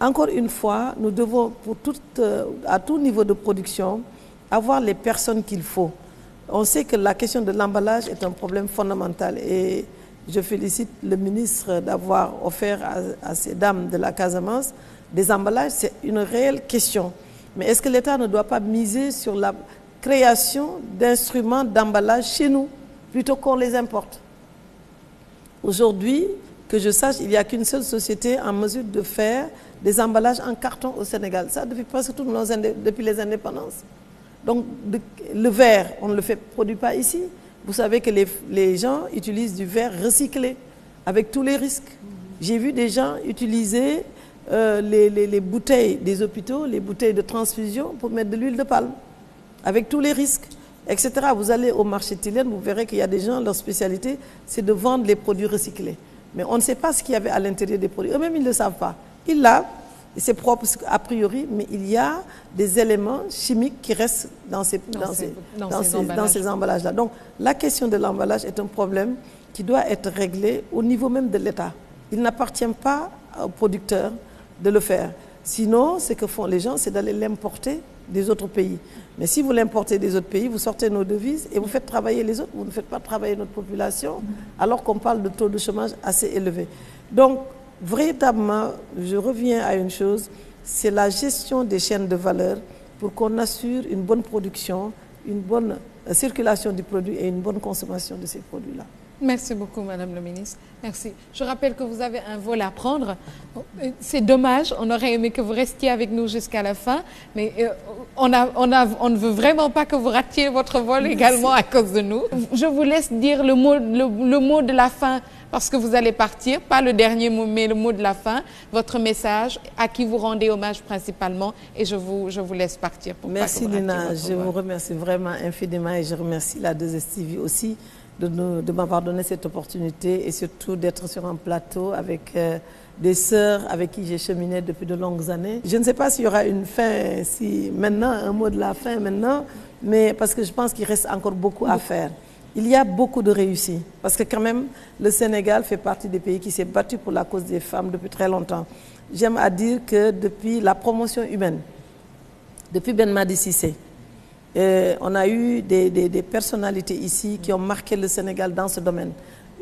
encore une fois, nous devons, pour tout, euh, à tout niveau de production, avoir les personnes qu'il faut. On sait que la question de l'emballage est un problème fondamental et je félicite le ministre d'avoir offert à, à, ces dames de la Casamance d emballages. C'est une réelle question. Mais est-ce que l'État ne doit pas miser sur la création d'instruments d'emballage chez nous, plutôt qu'on les importe Aujourd'hui, que je sache, il n'y a qu'une société en mesure de faire des emballages en carton au Sénégal. Ça, depuis presque toutes nos depuis les indépendances. Donc, le verre, on ne le fait, produit pas ici. Vous savez que les, les gens utilisent du verre recyclé, avec tous les risques. J'ai vu des gens utiliser euh, les, les, les bouteilles des hôpitaux, les bouteilles de transfusion pour mettre de l'huile de palme, avec tous les risques, etc. Vous allez au marché Tilène, vous verrez qu'il y a des gens, leur spécialité, c'est de vendre les produits recyclés. Mais on ne sait pas ce qu'il y avait à l'intérieur des produits. Eux-mêmes, ils ne savent pas. Ils qui restent dans ces, dans dans ces, dans ces, ces Donc, la question de l'emballage est un problème qui doit être réglé au niveau même de l'État. Il n'appartient pas aux producteurs de le faire. Sinon, ce que font les gens, c'est d'aller l'importer des autres pays. Mais si vous l'importez des autres pays, vous sortez nos devises et vous faites travailler les autres, vous ne faites pas travailler notre population, alors qu'on parle de taux de chômage assez élevé. Donc, véritablement, je reviens à une chose, c'est la gestion des chaînes de valeur pour qu'on assure une bonne production, une bonne euh, circulation du produit et une bonne consommation de ces produits-là. Merci beaucoup, Madame la Ministre. Merci. Je rappelle que vous avez un vol à prendre. C'est dommage, on aurait aimé que vous restiez avec nous jusqu'à la fin, mais euh, on, a, on, a, ne veut vraiment pas que vous ratiez votre vol également à cause de nous. Je vous laisse dire le mot, de la fin parce que vous allez partir, pas le dernier mot, mais le mot de la fin, votre message, à qui vous rendez hommage principalement, et je vous, laisse partir. Pour Merci Dina, je stv aussi. de, nous, de m'avoir donné cette opportunité et surtout d'être sur un plateau avec euh, des sœurs avec qui j'ai cheminé depuis de longues années. Je ne sais pas s'il y aura une fin, si maintenant, un mot de la fin maintenant, mais parce que je pense qu'il reste encore beaucoup à faire. Il y a beaucoup de réussites, parce que quand même, le Sénégal fait partie des pays qui s'est battu pour la cause des femmes depuis très longtemps. J'aime à dire que depuis la promotion humaine, depuis Ben Madi Cissé, euh, on a eu des, des, des personnalités ici qui ont marqué le Sénégal dans ce domaine.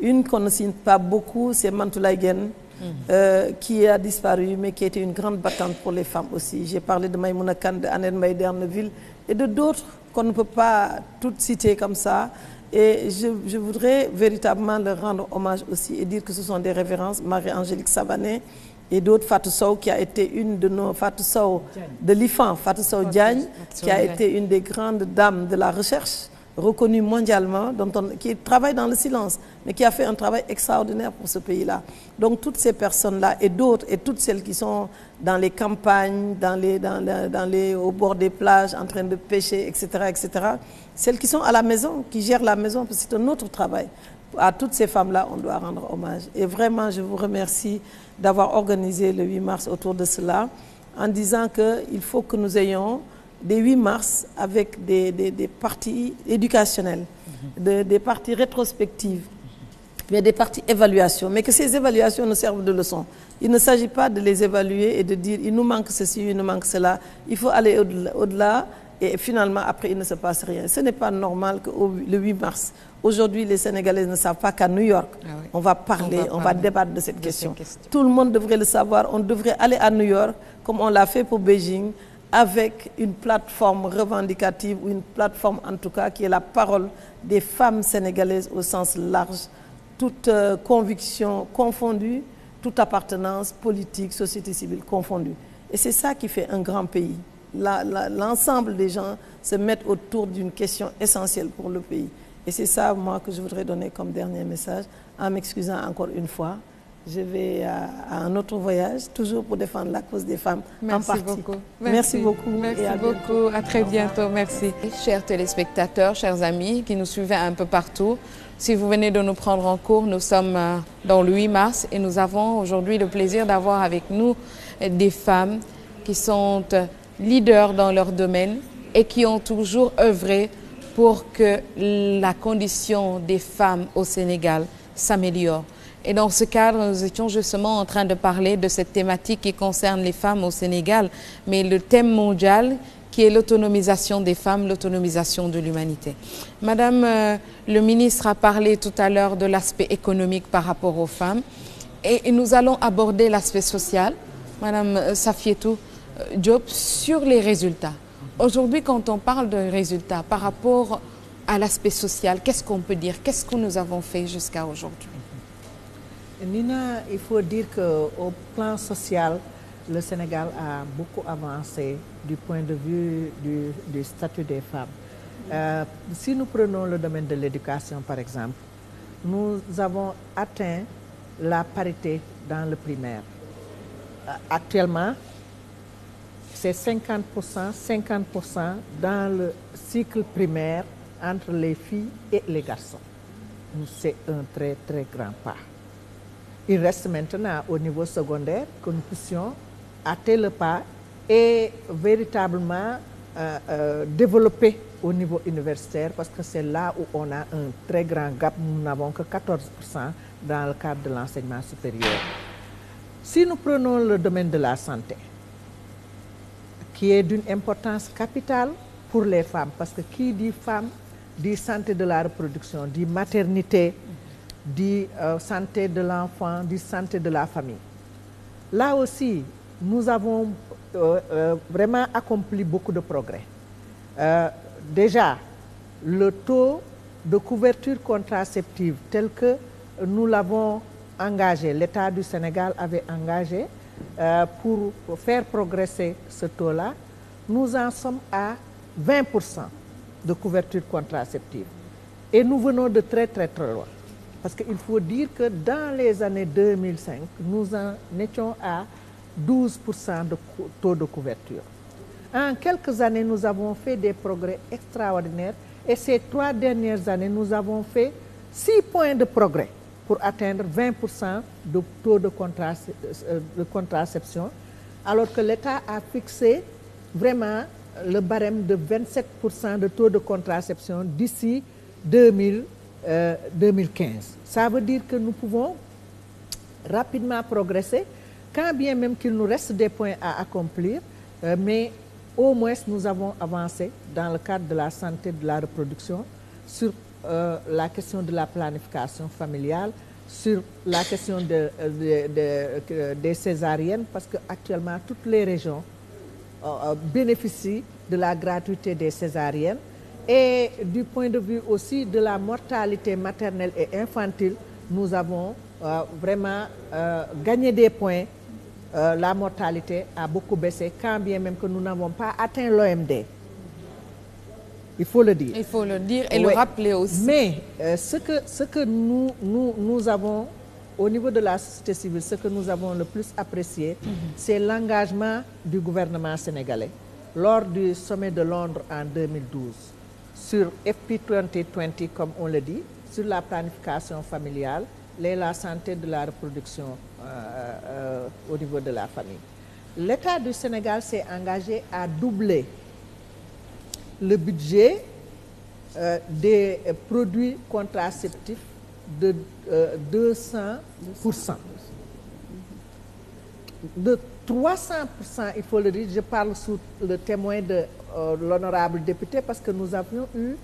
Une qu'on ne signe pas beaucoup, c'est Mantoulaye Guène. Mmh. Euh, qui a disparu mais qui était une grande battante pour les femmes aussi. J'ai parlé de Maïmouna Kane, de Annette Mbaye Derneville et de d'autres qu'on ne peut pas toutes citer comme ça. Et je, je voudrais véritablement leur rendre hommage aussi et dire que ce sont des révérences. Marie-Angélique Savané, et d'autres, Fatou Sow, qui a été une de nos, Fatou Sow, de l'IFAN, Fatou Sow Diagne, qui a été une des grandes dames de la recherche, reconnue mondialement, dont on, qui travaille dans le silence, mais qui a fait un travail extraordinaire pour ce pays-là. Donc toutes personnes-là et d'autres, et toutes celles qui sont dans les campagnes, dans les, dans, dans les, au bord des plages, en train de pêcher, etc., etc., celles qui sont à la maison, qui gèrent la maison, parce que c'est un autre travail. à toutes ces femmes-là, on doit rendre hommage. Et vraiment, je vous remercie d'avoir organisé le 8 mars autour de cela, en disant qu'il faut que nous ayons des 8 mars avec des, des, des parties éducationnelles, mhm. de, des parties rétrospectives, mais des parties évaluation, mais que ces évaluations nous servent de leçon. Il ne s'agit pas de les évaluer et de dire il nous manque ceci, il nous manque cela. Il faut aller au-delà. et finalement, après, il ne se passe rien. Ce n'est pas normal que le 8 mars, Aujourd'hui, les Sénégalais ne savent pas qu'à New York, ah oui. on va parler, on va, parler. On va débattre de, cette, de question. cette question. Tout le monde devrait le savoir. On devrait aller à New York, comme on l'a fait pour Beijing, avec une plateforme revendicative ou une plateforme en tout cas qui est la parole des femmes sénégalaises au sens large, toute euh, conviction confondue, toute appartenance politique, société civile confondue. Et c'est ça qui fait un grand pays. L'ensemble des gens se mettent autour d'une question essentielle pour le pays. Et c'est ça, que je voudrais donner comme dernier message, en m'excusant une fois. Je vais à, à, un autre voyage, toujours pour défendre la cause des femmes en partie. Beaucoup. Chers téléspectateurs, chers amis qui nous suivez un peu partout, si vous venez de nous prendre en cours, nous sommes euh, dans le mars et nous avons aujourd'hui le plaisir d'avoir avec nous euh, des femmes qui sont euh, leaders dans leur domaine et qui ont toujours œuvré pour que la condition des femmes au Sénégal s'améliore. Et dans ce cadre, nous étions justement en train de parler de cette thématique qui concerne les femmes au Sénégal, mais le thème mondial qui est l'autonomisation des femmes, l'autonomisation de l'humanité. Madame euh, le ministre a parlé tout à l'heure de l'aspect économique par rapport aux femmes et, et nous allons aborder l'aspect social. Madame euh, Safietou euh, sur les résultats. Aujourd'hui, quand on parle de résultats par rapport à l'aspect social, qu'est-ce qu'on peut dire Qu'est-ce que nous avons fait jusqu'à aujourd'hui Nina, il faut dire qu'au plan social, le Sénégal a beaucoup avancé du point de vue du, du statut des femmes. Euh, si nous prenons le domaine de l'éducation, par exemple, nous avons atteint la parité dans le primaire. Euh, actuellement, c'est 50 pour cent 50 pour cent dans le cycle primaire entre les filles et les garçons c'est un très très grand pas il reste maintenant au niveau secondaire que nous puissions hâter le pas et véritablement euh, euh développer au niveau universitaire parce que c'est là où on a un très grand gap nous n'avons que dans le cadre de l'enseignement supérieur si nous prenons le domaine de la santé qui est d'une importance capitale pour les femmes parce que qui dit femme dit santé de la reproduction dit maternité dit euh, santé de l'enfant dit santé de la famille là aussi nous avons euh, euh, vraiment accompli beaucoup de progrès euh, déjà le taux de couverture contraceptive tel que nous l'avons engagé l'État du Sénégal avait engagé euh, pour faire progresser ce taux-là, nous en sommes à 20% de couverture contraceptive. Et nous venons de très très très loin. Parce qu'il faut dire que dans les années 2005, nous en étions à 12% de taux de couverture. En quelques années, nous avons fait des progrès extraordinaires et ces trois dernières années, nous avons fait six points de progrès pour atteindre 20 pour cent de taux de contrace euh, de contraception alors que l'État a fixé vraiment le barème de 27 pour cent de taux de contraception d'ici 2000 euh, 2015 ça veut dire que nous pouvons rapidement progresser quand bien même qu'il nous des points à accomplir euh, mais au moins nous avons dans le cadre de la santé de la reproduction sur euh, la question de la planification familiale sur la question de, de, euh, des césariennes parce que actuellement toutes les régions euh, euh, bénéficient de la gratuité des césariennes et du point de vue aussi de la mortalité maternelle et infantile nous avons euh, vraiment euh, gagné des points la mortalité a beaucoup baissé quand bien même que nous n'avons pas atteint l'OMD il faut le dire. Il faut le dire et le rappeler aussi. Mais euh, ce que, ce que nous, nous, avons, au niveau de la société civile, ce que nous avons le plus apprécié, mm -hmm. c'est l'engagement du gouvernement sénégalais lors du sommet de Londres en 2012 sur FP 2020, comme on le dit, sur la planification familiale et la santé de la reproduction euh, euh, au niveau de la famille. L'État du Sénégal s'est engagé à doubler le budget euh, des produits contraceptifs de euh, deux cent pour cent de cent pour cent il faut le dire je parle sous le témoin de euh, l'honorable député parce que nous avions eu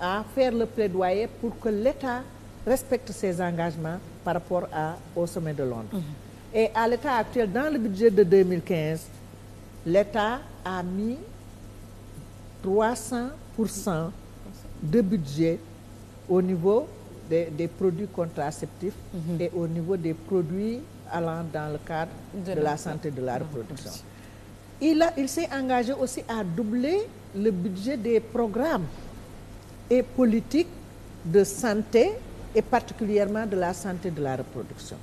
à faire le plaidoyer pour que l'État respecte ses engagements par rapport à, au sommet de Londres. Mm Et à l'état actuel, dans le budget de 2015, l'État a mis 300 pour cent de budget au niveau des des produits contraceptifs. Mm -hmm. et au niveau des produits allant dans le cadre. de, de la santé de la reproduction. il a il s'est engagé aussi à doubler le budget des programmes et politiques de santé et particulièrement de la santé de la reproduction.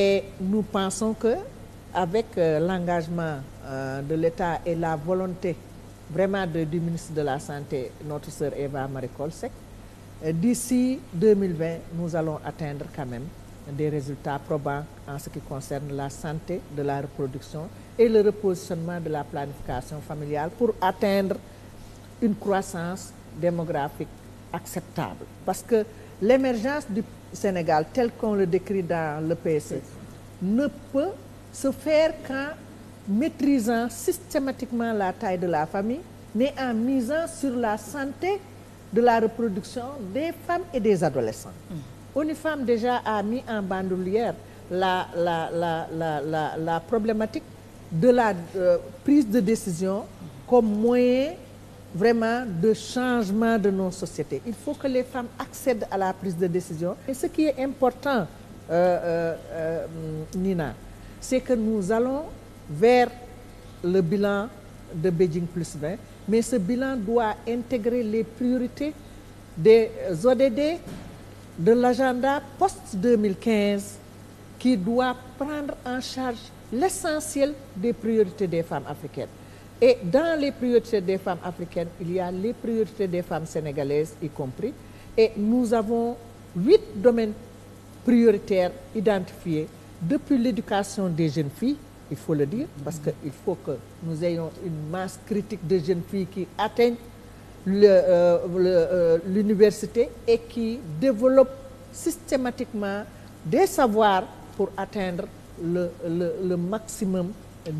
Et nous pensons que avec euh, l'engagement euh, de l'État et la volonté vraiment de, du ministre de la Santé, notre sœur Eva Marie Colsec. Euh, d'ici 2020, nous allons atteindre quand même des résultats probants en ce qui concerne la santé de la reproduction et le repositionnement de la planification familiale pour atteindre une croissance démographique acceptable. Parce que l'émergence du Sénégal, telle qu'on le décrit dans le PSE, ne peut se faire maîtrisant systématiquement la taille de la famille, mais en misant sur la santé de la reproduction des femmes et des adolescents. Mmh. femme déjà a mis en bandoulière la la la la la la problématique de la euh, prise de décision comme moyen vraiment de changement de nos sociétés. Il faut que les femmes accèdent à la prise de décision. Et ce qui est important, euh, euh, euh Nina, c'est que nous allons vers le bilan de Beijing plus 20, mais ce bilan doit intégrer les priorités des ODD de l'agenda post-2015 qui doit prendre en charge l'essentiel des priorités des femmes africaines. Et dans les priorités des femmes africaines, il y a les priorités des femmes sénégalaises y compris. Et nous avons huit domaines prioritaires identifiés depuis l'éducation des jeunes filles il faut le dire parce que il faut que nous ayons une masse critique de jeunes filles qui atteignent le, euh, le euh, l'université et qui développent systématiquement des savoirs pour atteindre le le, le maximum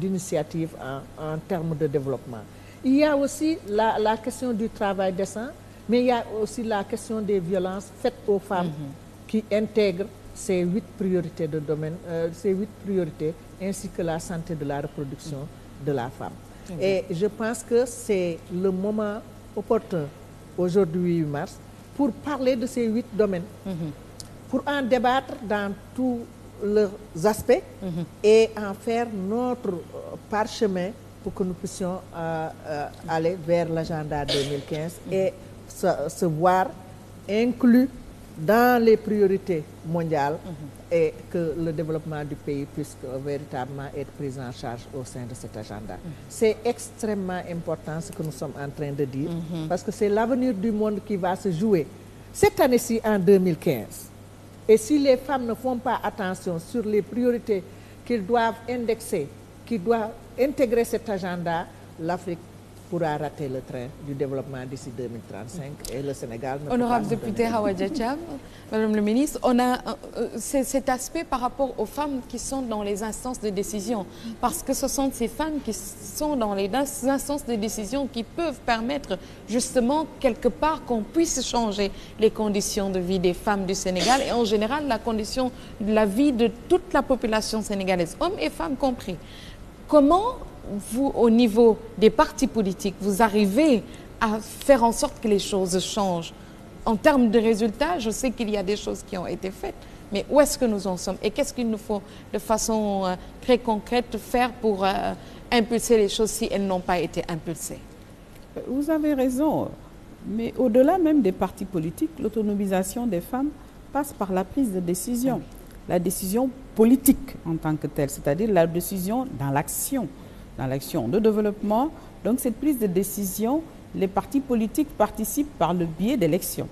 d'initiatives en en termes de développement. Il y a aussi la la question du travail décent, mais il y a aussi la question des violences faites aux femmes mm-hmm. qui intègrent ces huit priorités de domaine euh, ces huit priorités ainsi que la santé de la reproduction de la femme et je pense que c'est le moment opportun aujourd'hui 8 mars pour parler de ces huit domaines mm-hmm. pour en débattre dans tous leurs aspects mm-hmm. et en faire notre euh, parchemin pour que nous puissions euh, euh, aller vers l'agenda 2015 mm-hmm. et se voir inclus dans les priorités mondiales mhm. et que le développement du pays puisse véritablement être pris en charge au sein de cet agenda. Mhm. C'est extrêmement important ce que nous sommes en train de dire mhm. parce que c'est l'avenir du monde qui va se jouer cette année-ci en 2015. Et si les femmes ne font pas attention sur les priorités qu'ils doivent indexer, qu'ils doivent intégrer cet agenda, l'Afrique pourra rater le train du développement d'ici 2035 et ne Honorable député Hawa Dia Thiam, Madame le ministre, on a euh, euh, décision parce que ce sont ces femmes qui sont dans décision qui peuvent permettre justement quelque part qu'on puisse les conditions de vie des femmes du Sénégal et en condition de vie de toute la population sénégalaise, Comment vous, au niveau des partis politiques, vous arrivez à faire en sorte que les choses changent En termes de résultats, je sais qu'il y a des choses qui ont été faites, mais où est-ce que nous en sommes Et qu'est-ce qu'il nous faut de façon euh, très concrète faire pour euh, impulser les choses si elles n'ont pas été impulsées Vous avez raison, mais au-delà même des partis politiques, l'autonomisation des femmes passe par la prise de décision. Oui. la décision politique en tant que telle, cest la décision dans l'action, dans l'action de développement. Donc cette prise de décision, les partis politiques participent par le biais d'élections.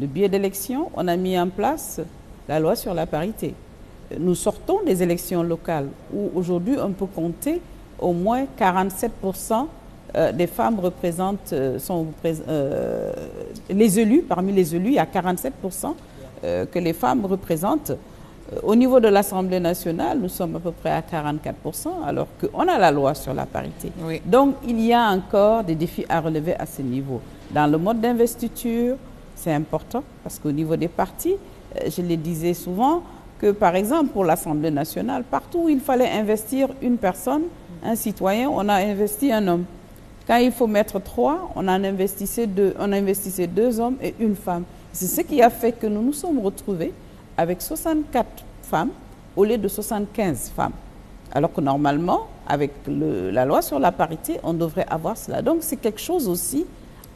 Le biais d'élections, on a mis en place la loi sur la parité. Nous sortons des élections locales où aujourd'hui on peut compter au moins 47% euh, des femmes représentent, euh, sont, euh, les élus, parmi les élus, il y a 47% euh, que les femmes représentent au niveau de l'Assemblée nationale, nous sommes à peu près à 44%, alors qu'on a il y a Dans le mode d'investiture, c'est important, parce qu'au niveau des partis, euh, je le souvent, par exemple pour l'Assemblée nationale, partout où il fallait investir une personne, un citoyen, on a investi un homme. Quand il faut et une femme. a fait que avec 64 femmes au lieu de 75 femmes. Alors que normalement, avec le, la la parité, on devrait avoir cela. Donc c'est quelque chose aussi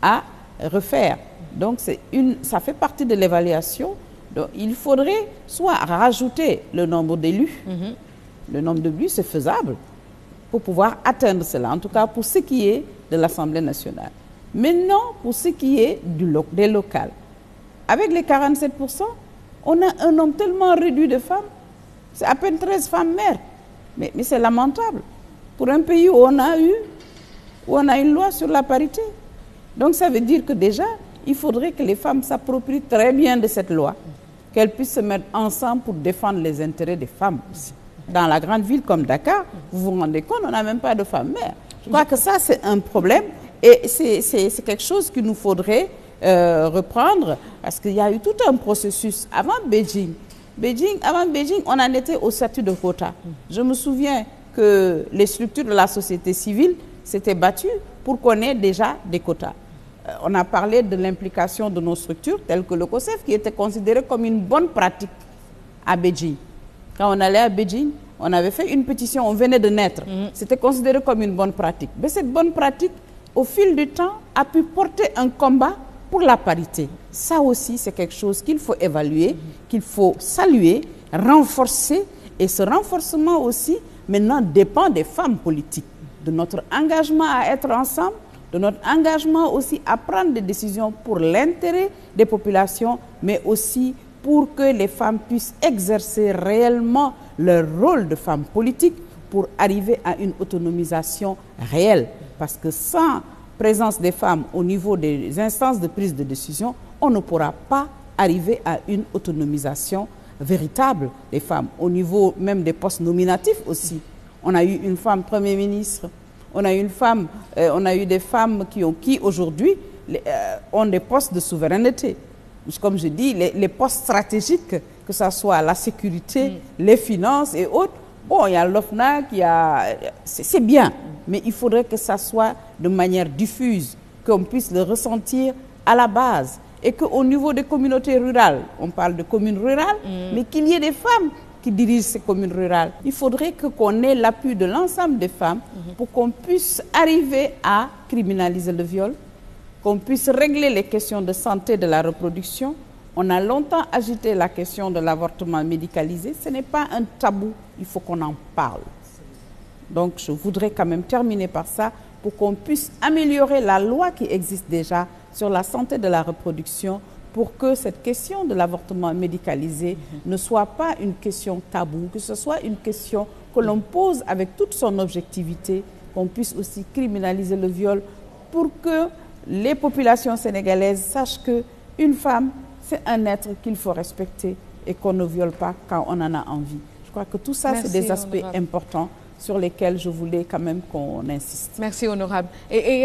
à refaire. Donc c'est une, ça fait de l'évaluation. Donc il faudrait soit rajouter le nombre d'élus. Mm -hmm. Le nombre d'élus, c'est faisable pour pouvoir atteindre cela, en pour ce qui est de l'Assemblée nationale. Maintenant, pour des locales, On a un homme tellement réduit de femmes. C'est à peine 13 femmes mères. Mais, mais c'est lamentable. Pour un pays où on a eu, où on a une loi sur la parité. Donc ça veut dire que déjà, il faudrait que les femmes s'approprient très bien de cette loi, qu'elles puissent se mettre ensemble pour défendre les intérêts des femmes Dans la grande ville comme Dakar, vous vous rendez compte, on n'a même pas de femmes mères. Je crois que c'est un problème et c'est quelque chose euh, reprendre parce qu'il y a eu tout un processus avant Beijing. Beijing. Avant Beijing, on en était au statut de quota. Je me souviens que les structures de la société civile s'étaient battues pour qu'on ait déjà des quotas. Euh, on a parlé de l'implication de nos structures telles que le COSEF qui était considéré comme une bonne pratique à Beijing. Quand on allait à Beijing, on avait fait une pétition, on venait de naître. Mhm. C'était considéré comme une bonne pratique. Mais cette bonne pratique, au fil du temps, a Pour la parité, ça aussi c'est quelque chose qu'il faut évaluer, qu'il faut saluer, renforcer et ce renforcement aussi maintenant dépend des femmes politiques, de notre engagement à être ensemble, de notre engagement aussi à prendre des décisions pour l'intérêt des populations, mais aussi pour que les femmes puissent exercer réellement leur rôle de femmes politiques pour arriver à une autonomisation réelle. Parce que sans présence des femmes au niveau des instances de prise de décision, on ne pourra pas arriver à une autonomisation véritable des femmes, au niveau même des postes nominatifs aussi. On a eu une femme Premier ministre, on a eu, une femme, euh, des femmes qui, ont, qui aujourd'hui euh, ont des postes de souveraineté. Comme je dis, les, les postes stratégiques, que ce soit la sécurité, mm. les finances et autres, bon il y a l'OFNAC il c'est bien mais il faudrait que ça soit de manière diffuse qu'on puisse le ressentir à la base et que au niveau des communautés rurales on parle de communes rurales mm. mais qu'il y ait des femmes qui dirigent ces communes rurales il faudrait que qu'on ait l'appui de l'ensemble des femmes mm. pour qu'on puisse arriver à criminaliser le viol qu'on puisse régler les questions de santé de la reproduction On a longtemps agité la question de l'avortement médicalisé. Ce n'est pas un tabou, il faut qu'on en parle. Donc je voudrais quand même terminer par ça pour qu'on puisse améliorer la loi qui existe déjà sur la santé de la reproduction pour que cette question de l'avortement médicalisé mmh. ne soit pas une question taboue, que ce soit une question que l'on pose avec toute son objectivité, qu'on puisse aussi criminaliser le viol pour que les populations sénégalaises sachent que une femme c'est un être qu'il faut respecter et qu'on ne viole pas quand on en a envie. Je crois que tout ça, c'est des aspects importants sur lesquels je voulais quand même qu'on insiste. honorable.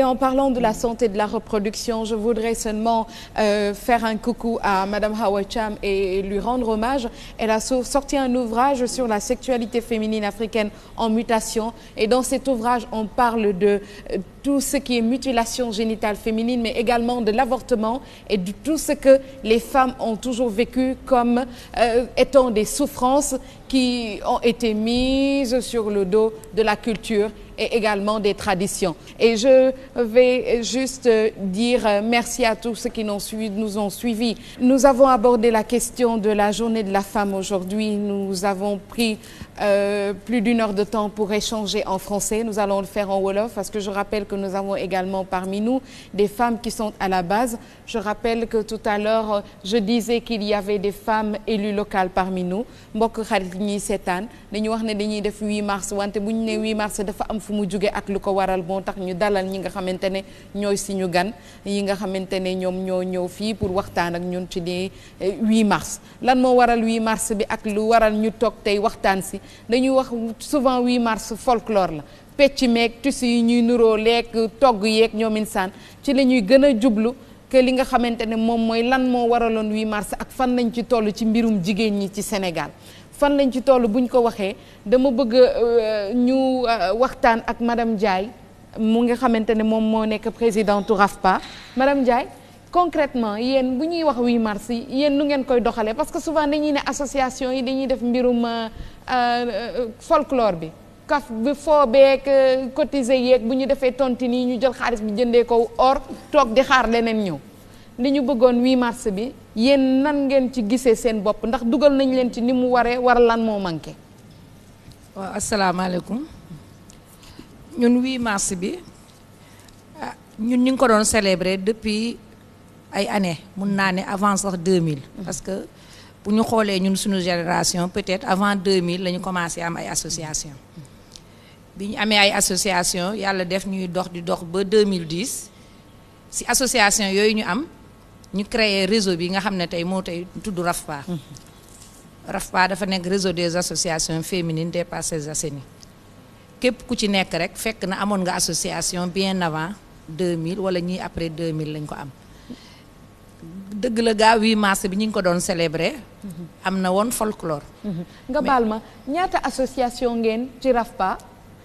en parlant de la santé et de la reproduction, je voudrais seulement euh, faire un coucou à Madame Hawa Cham et lui rendre hommage. Elle a sorti un ouvrage sur la sexualité féminine africaine en mutation et dans cet ouvrage, on parle de euh, tout ce qui est mutilation génitale féminine, mais également de l'avortement et de tout ce que les femmes ont toujours vécu comme euh, étant des souffrances qui ont été mises sur le dos de la culture et également des traditions. Et je vais juste dire merci à tous ceux qui nous ont suivis, nous ont suivis. Nous avons abordé la question de la journée de la femme aujourd'hui. Nous avons pris Euh, plus d'une heure de temps pour échanger en français. Nous allons le faire en Wolof parce que je rappelle que nous avons également parmi nous des femmes qui sont à la base. Je rappelle que tout à l'heure, je disais qu'il y des femmes élues locales parmi nous. mbokk xarit ñuy seetaan dañu wax ne dañuy def 8 mars wante bu ñu ne 8 mars dafa am fu mu jóge ak lu ko waral moo tax ñu dalal ñi nga xamante ne ñooy suñu gan yi nga xamante ne ñoom ñoo ñëw fii pour waxtaan ak ñun ci di 8 eh, mars. lan moo waral 8 mars bi ak lu waral ñu toog tey waxtaan si. dañuy wax souvent 8 mars folklore la pecc meeg tissu yi ñuy nuroo leeg togg yeeg ñoom insaan ci la ñuy gën a jublu que li nga xamante ne moom mooy lan moo waraloon 8 mars ak fan lañ ci toll ci mbirum jigéen ñi ci Sénégal fan lañ ci toll buñ ko waxee dama bëgg euh, ñu euh, waxtaan ak madame Ndiaye mu nga xamante ne moom moo nekk présidente RAFPA madame Ndiaye concrètement yéen bu ñuy wax 8 mars yéen nu ngeen koy doxalee parce que souvent dañuy ne association yi dañuy def mbirum euh, Euh, euh, folklore bi kaf bi foo beeg euh, cotiser yéeg bu ñu defee tontine nii ñu jël xaalis bi jëndee ko or toog di xaar leneen ñëw li ñu bëggoon 8 mars bi yéen nan ngeen ci gisee seen bopp ndax dugal nañ leen ci ni mu waree war lan moo manqué. waaw asalaamaaleykum ñun 8 mars bi ah, ñun ñu ngi ko doon célébrer depuis ay années mun naa ne avant sax 2000. Mm. parce que bu ñu xoolee ñun suñu génération peut-être avant 2000 la ñu commencé am ay association bi ñu amee ay association yàlla def ñuy dox di dox ba 2010 si association yooyu ñu am ñu créer réseau bi nga xam ne tey moo tey tudd RAFPA mm-hmm. RAFPA dafa nekk réseau des associations féminines des Parcelles Assainies képp ku ci nekk rek fekk na amoon nga association bien avant 2000 wala ñii après deux 2000 lañ ko am dëgg la gaa 8 mars bi ñu ngi ko doon célébrer. am na woon folklore. Mhm. nga baal ma ñaata association ngeen ci RAFPA.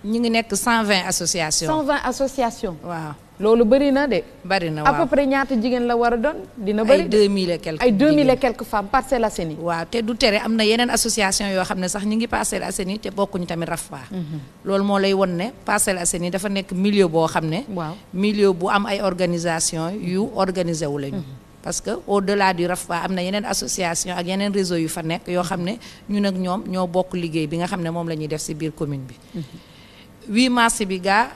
ñu ngi nekk cent 120 association 120 association waaw. loolu bëri na de. bëri na waaw ñaata jigéen la war a doon. dina bëri ay deux mille et quelques. ay deux mille et quelques femmes Parcelles Assainies. waaw te du tere am na yeneen association yoo xam ne sax ñu ngi Parcelles Assainies te bokkuñu tamit RAFPA. Mhm. loolu moo lay won ne Parcelles Assainies dafa nekk milieu boo xam ne. waaw milieu bu am ay organisation yu organisé wu lañu. Mhm. parce que au-delà du RAFPA am na yeneen association ak yeneen réseau yu fa nekk yoo xam ne ñun ak ñoom ñoo bokk liggéey bi nga xam ne moom la ñuy def biir commune bi. 8 mm-hmm. mars bi gaa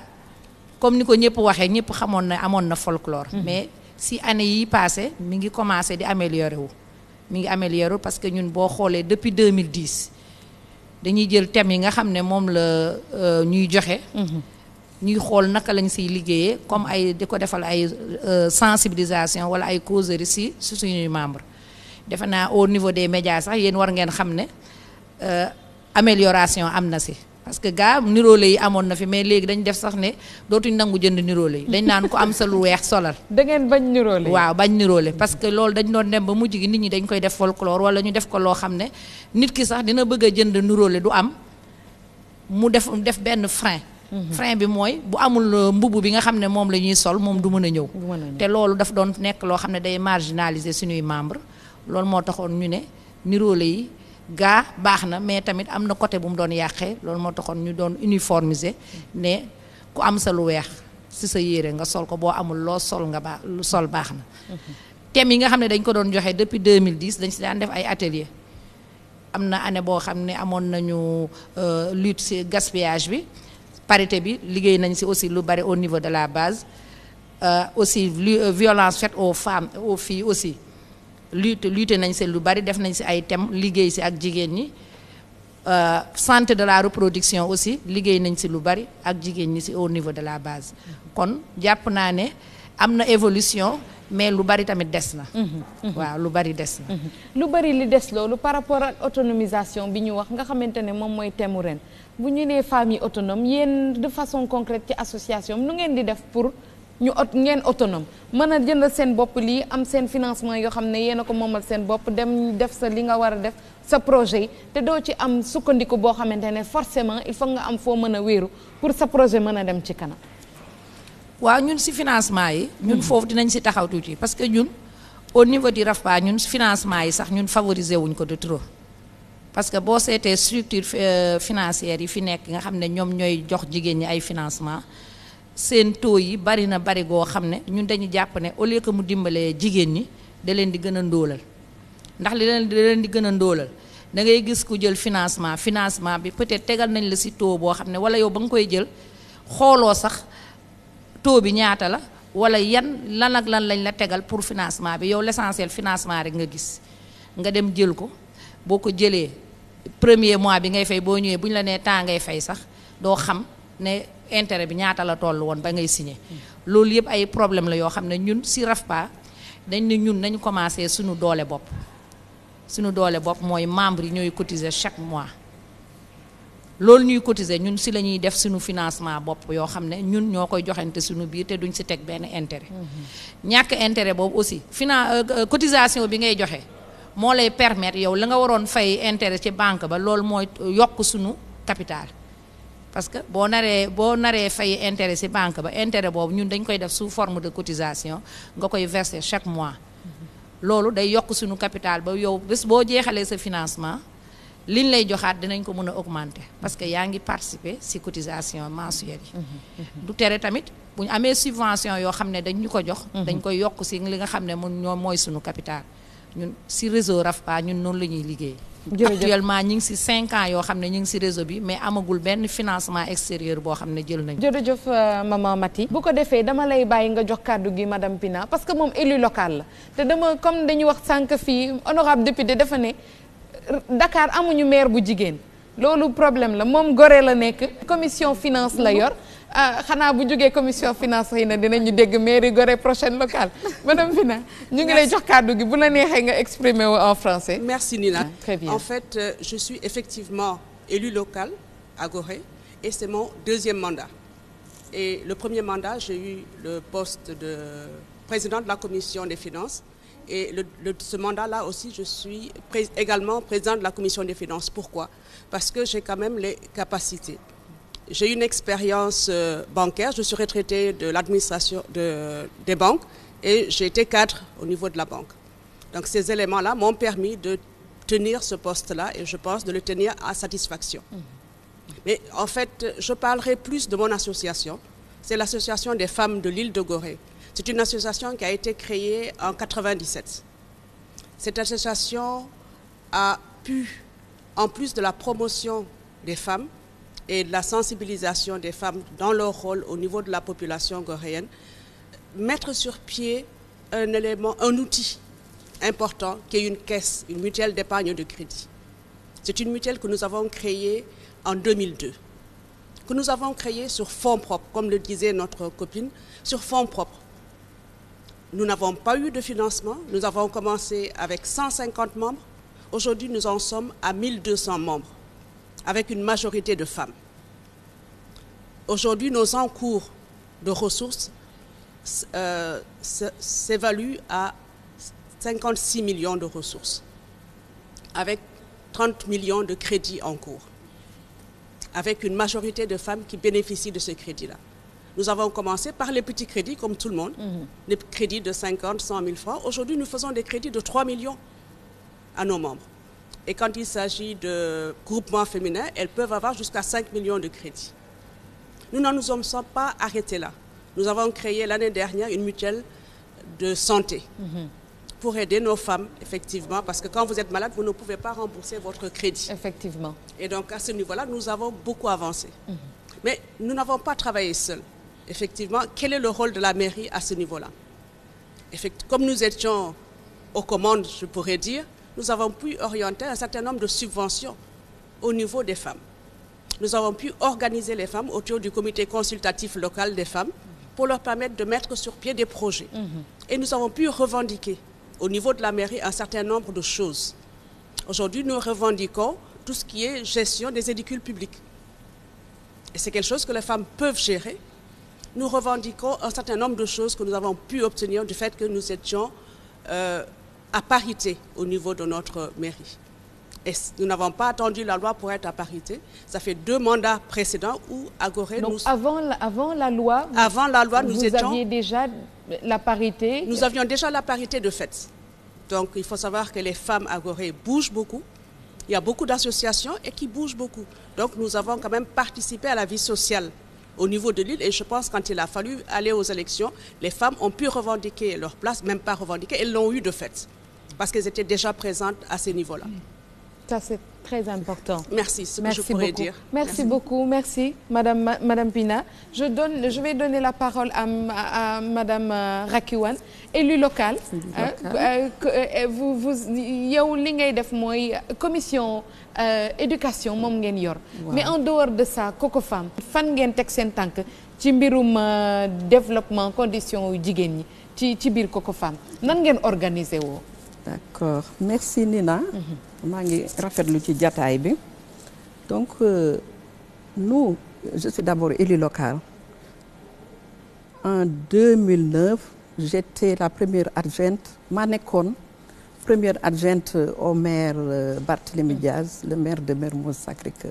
comme ni ko ñëpp waxee ñëpp xamoon na amoon na folklore. Mm-hmm. mais ci année yi passé mi ngi commencé di améliorer wu. mi ngi améliorer wu parce que ñun boo xoolee depuis 2010 dañuy jël thème yi nga xam ne moom la euh, ñuy joxe. Mm-hmm. ñuy xool naka lañ siy liggéeyee comme ay di ko defal ay euh, sensibilisation wala ay causeries si suñuy membre defe naa au niveau des médias sax yéen war ngeen xam ne euh, amélioration am na si parce que gaa niroole yi amoon na fi mais léegi dañ def sax ne dootuñ nangu jënd niroole yi dañ naan ko am sa lu weex solal da ngeen bañ niroole waaw bañ niroole parce que loolu dañ doon dem ba mujj gi nit ñi dañ koy def folklore wala ñu def ko loo xam ne nit ki sax dina bëgg a jënd niroole du am mu def def benn frein frein bi mooy bu amul euh, mbubb bi nga xam ne moom la ñuy sol moom du mën a ñëw te loolu daf doon nekk loo xam ne day marginaliser suñuy membre loolu moo taxoon ñu ne niroole yi gaa baax na mais tamit am na côté bu mu doon yàqee loolu moo taxoon ñu doon uniformiser ne ku am sa lu weex si sa yére nga sol ko boo amul loo sol nga baax lu sol baax na thème yi nga xam ne dañ ko doon joxe depuis 2010 dañ si daan def ay atelier am na année boo xam ne amoon nañu euh, lutte c gaspillage bi parité bi liggéey nañ si aussi lu bari au niveau de la base euh, aussi lu euh, violence faite aux femmes fii aussi lutte lutte nañ si lu bari def nañ si ay thèmes liggéey si ak jigéen ñi euh, santé de la reproduction aussi liggéey nañ si lu bari ak jigéen ñi si au niveau de la base kon jàpp naa ne am na évolution mais lu bari tamit des na. Mhm, mhm. waaw lu bari des na. Mhm. lu bari li des loolu par rapport ak autonomisation bi ñu wax nga xamante ne moom mooy temu ren. bu ñu nee famille autonome yéen de façon concrète ci association nu ngeen di def pour ñu ot ngeen autonome mën a jëndal seen bopp lii am seen financement yoo xam ne yéen a ko moomal seen bopp dem def sa li nga war a def sa projet yi te doo ci am sukkandiku boo xamante ne forcément il faut nga am foo mën a wéeru pour sa projet mën a dem ci kanam. waaw ñun si financement yi. ñun foofu dinañ si taxaw tuuti parce que ñun au niveau du RAFPA ñun financement yi sax ñun favoriser wuñ ko de trop. parce que boo seetee structure euh, financière yi fi nekk nga xam ne ñoom ñooy jox jigéen ñi ay financement seen taux yi bari na bari goo xam ne ñun dañu jàpp ne au lieu que mu dimbalee jigéen ñi da leen di gën a ndóolal ndax li leen leen di gën a ndóolal da ngay gis ku jël financement financement bi peut-être tegal nañ la si taux boo xam ne walla yow ba nga koy jël xooloo sax taux bi ñaata la walla yan lan ak lan lañ la tegal pour financement bi yow l'essentiel financement rek nga gis nga dem jël ko boo ko jëlee premier mois bi ngay fay boo ñëwee bu ñu la nee temps ngay fay sax doo xam ne intérêt bi ñaata la toll woon ba ngay signé hmm. loolu yëpp ay problème la yoo xam ne ñun si RAFPA dañ ne ñun nañ commencé suñu doole bopp suñu doole bopp mooy membre yi ñooy cotiser chaque mois loolu ñuy cotiser ñun si la ñuy def suñu financement bopp yoo xam ne ñun ñoo koy joxante suñu biir te duñ si teg benn intérêt hmm. ñàkk intérêt boobu aussi finan euh, cotisation bi ngay joxe moo lay permettre yow la nga waroon fay intérêt ci banque ba loolu mooy yokk sunu capital parce que boo naree boo naree fay intérêt ci banque ba intérêt boobu ñun dañ koy def sous forme de cotisation nga koy verser chaque mois loolu day yokk sunu capital ba yow bés boo jeexalee sa financement liñ lay joxaat dinañ ko mën a augmenter parce que yaa ngi participer ci cotisation mensuelle yi du tere tamit bu ñu amee subvention yoo xam ne dañ ñu ko jox mhm. dañ koy yokk ci li nga xam ne mun ñoom mooy sunu capital ñun si réseau RAFPA ñun noonu la ñuy liggéey actuellement ñu ngi si cinq ans yoo xam ne ñu ngi si réseau bi mais amagul benn financement extérieur boo xam ne jël nañu. jërëjëf euh, maman Mati bu ko defee dama lay bàyyi nga jox kàddu gi madame Pina parce que moom élu local la te dama comme dañu wax sànq fii honorable député dafa ne euh, Dakar amuñu maire bu jigéen loolu problème la moom gore la nekk commission finance la yor ah xanaa bu jógee commission finance xëy na dinañu dégg mairie Gorée prochaine locale madame Fina ñu ngi lay jox kàddu bu la neexee nga exprimer wu en français. merci Nina ah, très bien en fait euh, je suis effectivement élue locale à Gorée et c'est mon deuxième mandat et le premier mandat j'ai eu le poste de président de la commission des finances et le, le ce mandat-là aussi je suis pré également président de la commission des finances pourquoi parce que j'ai quand même les capacités J'ai une expérience euh, bancaire. Je suis retraitée de l'administration de, des banques et j'ai été au niveau de la banque. Donc ces éléments-là m'ont permis de tenir ce poste je pense de le tenir à satisfaction. Mmh. Mais en fait, je parlerai plus de mon association. C'est l'association des femmes de l'île de Gorée. C'est une association qui a été créée en 97. Cette association a pu, en plus de la promotion des femmes, et la sensibilisation des femmes dans leur rôle au niveau de la population goréenne, mettre sur pied un élément, un outil important qui est une caisse, une mutuelle d'épargne de crédit. C'est une mutuelle que nous avons créée en 2002, que nous avons créée sur fonds propres, comme le disait notre copine, sur fonds propres. Nous n'avons pas eu de financement, nous avons commencé avec 150 membres, aujourd'hui nous en sommes à 1200 membres. avec une majorité de femmes. Aujourd'hui, nos encours de ressources euh, s'évaluent à 56 millions de ressources, avec 30 millions de crédits en cours, avec une majorité de femmes qui bénéficient de ce crédit-là. Nous avons commencé par les petits crédits, comme tout le monde, mmh. de 50, 100 000 francs. Aujourd'hui, nous faisons des crédits de 3 millions à Et quand il s'agit de groupements féminins, elles peuvent avoir jusqu'à 5 millions de crédits. Nous n'en nous sommes pas arrêtés là. Nous avons créé l'année dernière une mutuelle de santé mhm. pour aider nos femmes, effectivement, parce que quand vous êtes malade, vous ne pouvez pas rembourser votre crédit. Et donc, à ce niveau-là, nous avons beaucoup avancé. Mhm. Mais nous n'avons pas travaillé seuls. quel est le rôle de la mairie à ce niveau-là Comme nous étions aux commandes, nous avons pu orienter un certain nombre de subventions au niveau des femmes. Nous avons pu organiser les femmes autour du comité consultatif local des femmes pour leur permettre de mettre sur pied des projets. Mmh. Et nous avons pu revendiquer au niveau de la mairie un certain nombre de choses. Aujourd'hui, nous revendiquons tout ce qui est gestion des édicules publics. Et c'est quelque chose que les femmes peuvent gérer. Nous revendiquons un certain nombre de choses que nous avons pu obtenir du fait que nous étions euh, à parité au niveau de notre mairie. Et nous n'avons pas attendu la loi pour être à parité. Ça fait deux mandats précédents où Avant la, loi, nous parité avions déjà la parité de fait. Donc il faut savoir que les femmes Agoré bougent beaucoup. Il y a beaucoup d'associations et qui bougent beaucoup. Donc nous avons quand même participé à la vie sociale au niveau de l'île. Et je pense quand il a fallu aller aux élections, les femmes ont pu revendiquer leur place, même pas parce qu'elles étaient déjà présentes à ce niveau-là. Ça, c'est Merci, c'est ce Merci que je pourrais beaucoup. dire. Merci, Merci beaucoup. Merci, Madame, Pina. Je, donne, je vais donner la parole à, à, Madame euh, Rakiwan, élue Local. Euh, euh, euh, vous, vous, yow li ngay def mooy commission euh, éducation moom ngeen yor. mais en dehors de ça Coco Femme fan ngeen teg seen tànk ci mbirum développement condition jigéen ñi ci ci biir Coco Femme nan ngeen organiser woo. d'accord merci Nina. Mhm. maa ngi rafetlu ci jataay bi. donc euh, nous je suis d'abord élue locale en 2009 j'étais la première adjointe maa nekkoon première adjointe au maire euh, Barthélémy mhm. Diaz le maire de maire sacré sacrique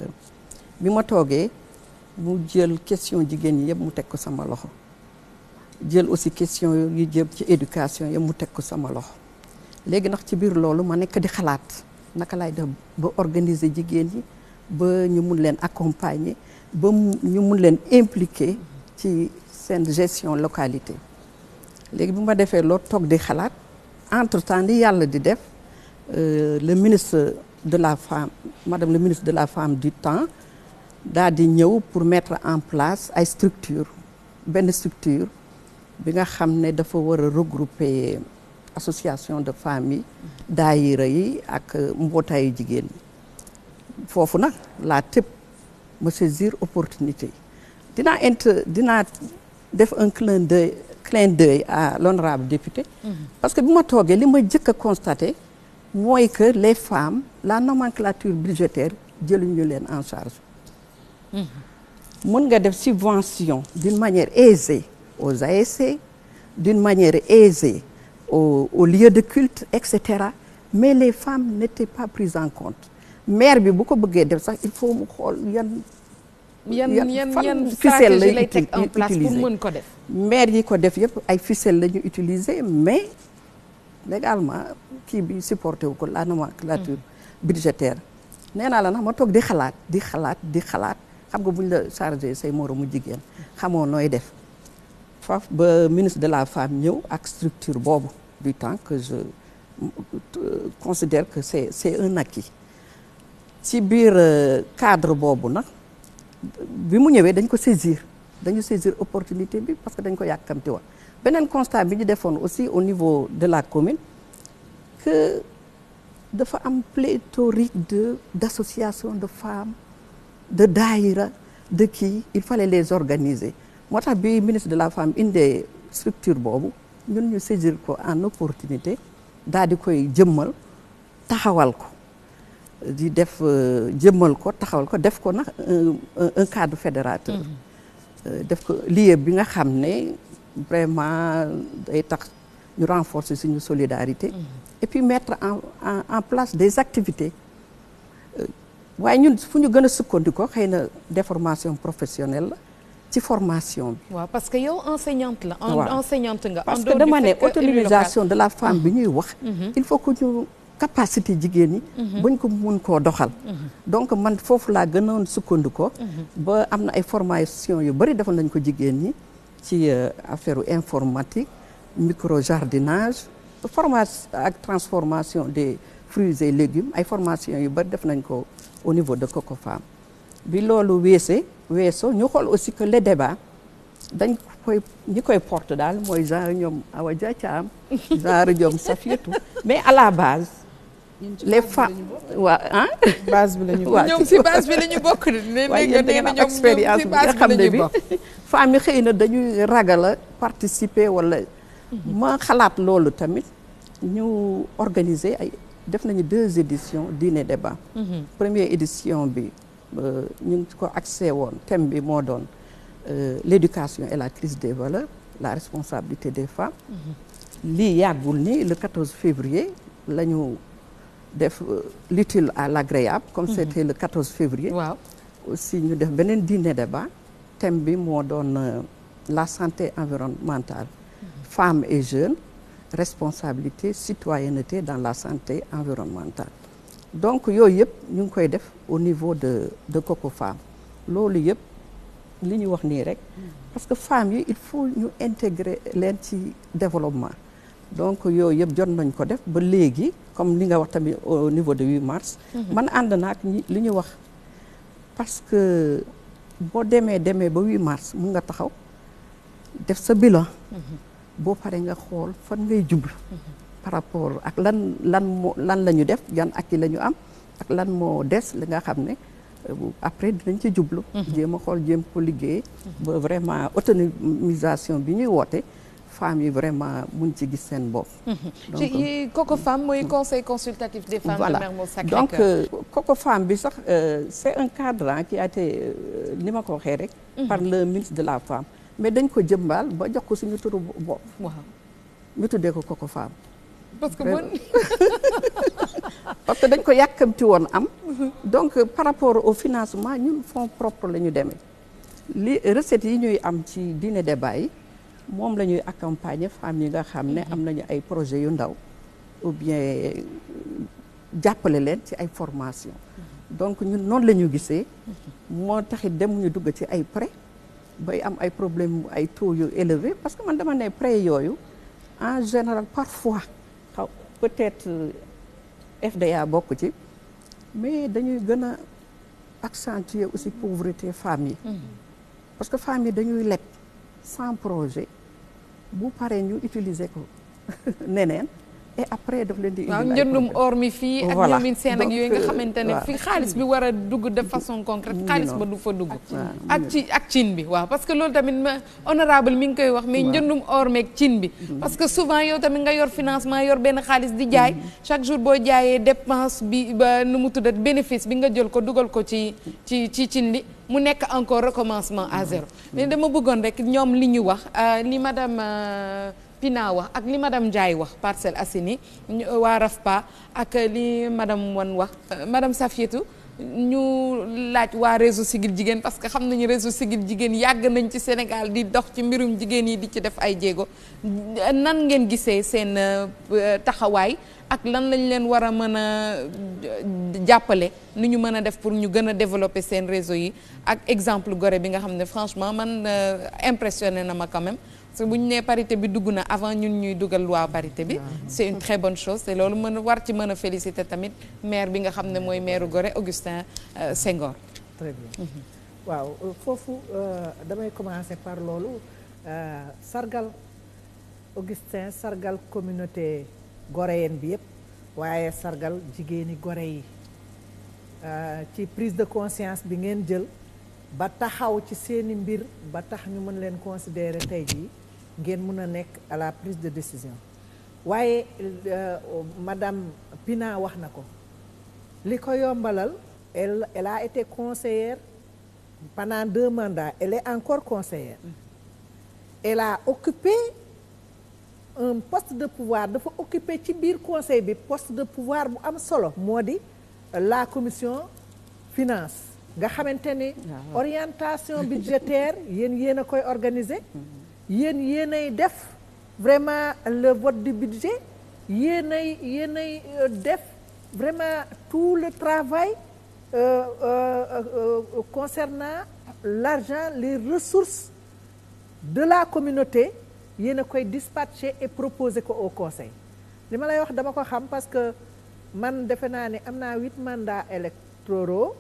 bi ma toogee mu jël question jigéen ñi yëpp mu teg ko sama loxo jël aussi question yu jëm ci éducation yëpp mu teg ko sama loxo léegi ndax ci biir loolu ma nekk di xalaat naka laay def ba organiser jigéen yi ba ñu mun leen accompagner ba ñu mun leen impliquer ci seen gestion localité léegi bu ma defee loolu toog di xalaat entre temps li yàlla di def euh, le ministre de la femme madame le ministre de la femme du temps daal di ñëw pour mettre en place ay structure benn structure bi nga xam ne dafa war a regrouper association de famille daayira yi ak mbootaayu jigéen foofu nag laa tëb ma saisir opportunité dinaa inter dinaa def un clin d'œil clin d'œil à l'honorable député mhm. parce que bi ma toogee li ma jëkk constaté mooy que les femmes la nomenclature budgétaire jëluñu leen en charge mhm. mën nga def subvention d'une manière aisée aux ASC d'une manière aisée au, au lieu de culte et cetera mais les femmes n'étaient pas prises en compte maire bi bu ko bëggee def sax il faut mu xool yan. yan yan yan ficelle lay teg en place pour mën ko def. maire yi ko def yëpp ay ficelle la ñu utiliser mais légalement kii bi supporté wu ko la nomenclature hmm. budgétaire nee naa la nax ma toog di xalaat di xalaat di xalaat xam nga buñ la chargé say moromu jigéen xamoo nooy def. faf ba ministre de la femme ñëw ak structure boobu du temps que je euh, considère que c'est c'est un acquis si biir euh, cadre boobu nag bi mu ñëwee dañ ko saisir dañu saisir opportunité bi parce que dañ ko yàkkamti woon beneen constat bi ñu defoon aussi au niveau de la commune que dafa am pléthorique de d'associations de femmes de daïra de kii il fallait les organiser moo tax bi ministre de la femme indee structure boobu ñun ñu saisir ko en opportunité daal di koy jëmmal taxawal ko di def euh, jëmmal ko taxawal ko def ko nag un cadre fédérateur mm-hmm. euh, def ko lieu bi nga xam ne vraiment day tax ñu renforcer suñu solidarité mm-hmm. et puis mettre en en place des activités euh, waaye ñun fu ñu gën a sukkandiku xëy na déformation professionnelle la ci formation bi. waaw parce que yow enseignante la. waaw enseignante nga. parce que dama ne autonomisation de la femme bi ñuy wax. Mm-hmm. Mm-hmm. il faut que ñu capacité jigéen ñi. Mm-hmm. bañ ko mun koo doxal. donc man foofu laa gënoon sukkandikoo. ba am na ay formation yu bari defal nañ ko jigéen ñi ci euh, affaire informatique micro jardinage formation ak transformation des fruits et légumes ay formation yu bari def nañ ko au niveau de Coco bi loolu weese weesoo ñu xool aussi que les débats dañ koy ñi koy porte daal mooy genre ñoom Awa Dia Thiam genre ñoom Safiatou mais à la base. les femmes waaw ah. base bi la ñu bokk ñoom si base bi la ñu bokk léeg-léeg expérience bi nga xam ne bi femmes yi xëy na dañuy ragala a participer wala. ma xalaat loolu tamit ñu organiser ay def nañu deux éditions dîner débat. Mhm. première édition bi. Euh, ñu ngi ko accès woon thème bi moo doon euh, l'éducation et la crise des valeurs la responsabilité des femmes mm-hmm. lii yàggul ni le 14 février la ñu def euh, l'utile à l'agréable comme mm-hmm. c'était le 14 février si aussi ñu def beneen dîner débat thème bi moo doon la santé environnementale mm-hmm. femmes et jeunes responsabilité citoyenneté dans la santé environnementale donc yooyu yëpp ñu ngi koy def au niveau de de Coco Femme loolu yëpp li ñu wax nii rek parce que femmes yi il faut ñu intégrer leen ci développement donc yooyu yëpp jot nañ ko def ba léegi comme li nga wax tamit au niveau de 8 mars. Mhm. man ànd naak li ñu wax parce que boo demee demee ba 8 mars mun nga taxaw def sa bilan. Mhm. boo paree nga xool fan ngay jublu. Mhm. par rapport ak lan lan moo lan la ñu def yan ak yi la ñu am ak lan moo des la nga xam ne euh, après dinañ ci jublu mhm. jéem a xool jéem ko liggéey ba vraiment autonomisation bi ñuy woote femmes yi vraiment mun ci gis seen bopp. Mhm. donc Coco Femme mooy euh, conseil consultatif des femmes voilà. de donc euh, Coco euh, bi sax euh, est un cadre qui a été ni ma ko waxee rek. Mhm. par le ministre de la femme mais dañ ko jëmbaal ba jox ko suñu turu bopp. waaw ñu ko Coco parce que parce que dañ ko yàkkamti woon am. donc euh, par rapport au financement ñun fonds propre la ñu demee. li recettes yi ñuy am ci dine débat yi moom la ñuy accompagner femmes yi nga xam ne am nañu ay projets yu ndaw ou bien euh, jàppale leen ci ay formation donc ñun noonu la ñu gisee. moo taxit dem ñu dugg ci ay prêts bay am ay problème ay taux yu élevé parce que man dama ne yooyu en général parfois. peut-être FDA bokk ci mais dañuy gën a accentuer aussi pauvreté femmes yi. Mhm. parce que femmes yi dañuy leb sans projet bu paree ñu utiliser ko neneen. et après daf leen di. njëndum or mi fii. ak ñoomin seen ak yooyu euh, xamante ne fi xaalis bi war a dugg de façon concrète xaalis du fa dugg. ak ci ak cin bi waaw parce que loolu tamit ma honorable mi ngi koy wax. mais njëndum or meeg cin bi. Mm-hmm. parce que souvent yow tamit nga yor financement yor benn xaalis di jaay. Mm-hmm. chaque jour boo jaayee dépense bi ba nu mu tuddat bénéfice bi nga jël ko dugal ko ci ci ci cin li mu nekk encore recommencement à zéro. Mm-hmm. mais dama bëggoon rek ñoom li ñu wax euh, li madame. Euh, Pina wax ak li madame Ndiaye wax Parcelles Assainies euh, waa RAFPA ak euh, li madame Wan wax euh, madame Safietou ñu laaj waa réseau Siggil Jigéen parce que xam nañu réseau Siggil Jigéen yàgg nañ ci Sénégal di dox ci mbirum jigéen yi di ci def ay jéego nan ngeen gisee seen taxawaay ak lan lañ leen war a mën a jàppale nu ñu mën a def pour ñu gën a développer seen réseau yi ak exemple gore bi nga xam ne franchement man impressionné na ma quand même parce bu ñu nee parité bi dugg na avant ñun ñuy dugal loi parité bi. Ah. c'est une très bonne chose te loolu mën war ci mën a félicité tamit maire bi nga xam ne mooy maire Gorée Augustin euh, Senghor. très mhm. waaw euh, foofu euh, damay commencé par loolu sargal Augustin sargal communauté goréenne bi yépp waaye sargal jigéeni Gorée yi ci prise de conscience bi ngeen jël. ba taxaw ci seeni mbir ba tax ñu mën leen considérer tey jii ngeen mun a nekk à la prise de décision waaye euh, madame Pina wax na ko li ko yombalal elle elle a été conseillère pendant deux mandats elle est encore conseillère elle a occupé un poste de pouvoir dafa occupé ci biir conseil bi poste de pouvoir bu am solo moo di euh, la commission finance nga xamante ni ah, orientation budgétaire yéen yéen a koy organiser mm-hmm. yéen yéenay def vraiment le vote du budget yéenay yéenay euh, def vraiment tout le travail euh, euh, euh, euh, concernant l'argent les ressources de la communauté yéen a koy dispatcher et proposé ko au conseil li ma lay wax dama ko xam parce que man defe naa ni am naa huit mandats électoraux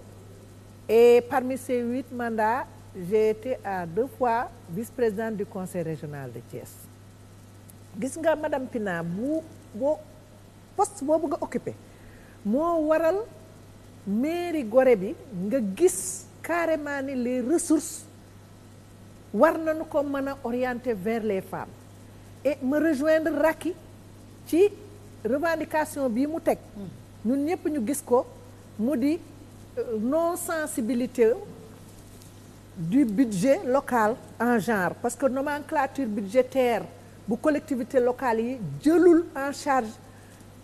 et parmi ces huit mandats j'ai été à deux fois vice-présidente du conseil régional de Thiès gis nga madame Pina bu boo poste boobu nga occupé moo waral mairie gore bi nga gis carrément ni les ressources war nañu ko mën a orienter vers les femmes et ma rejoindre Racky ci revendication bii mu teg mm. ñun ñëpp ñu gis ko mu di euh, non sensibilité du budget local en genre parce que nomenclature budgétaire bu collectivité locale yi jëlul en charge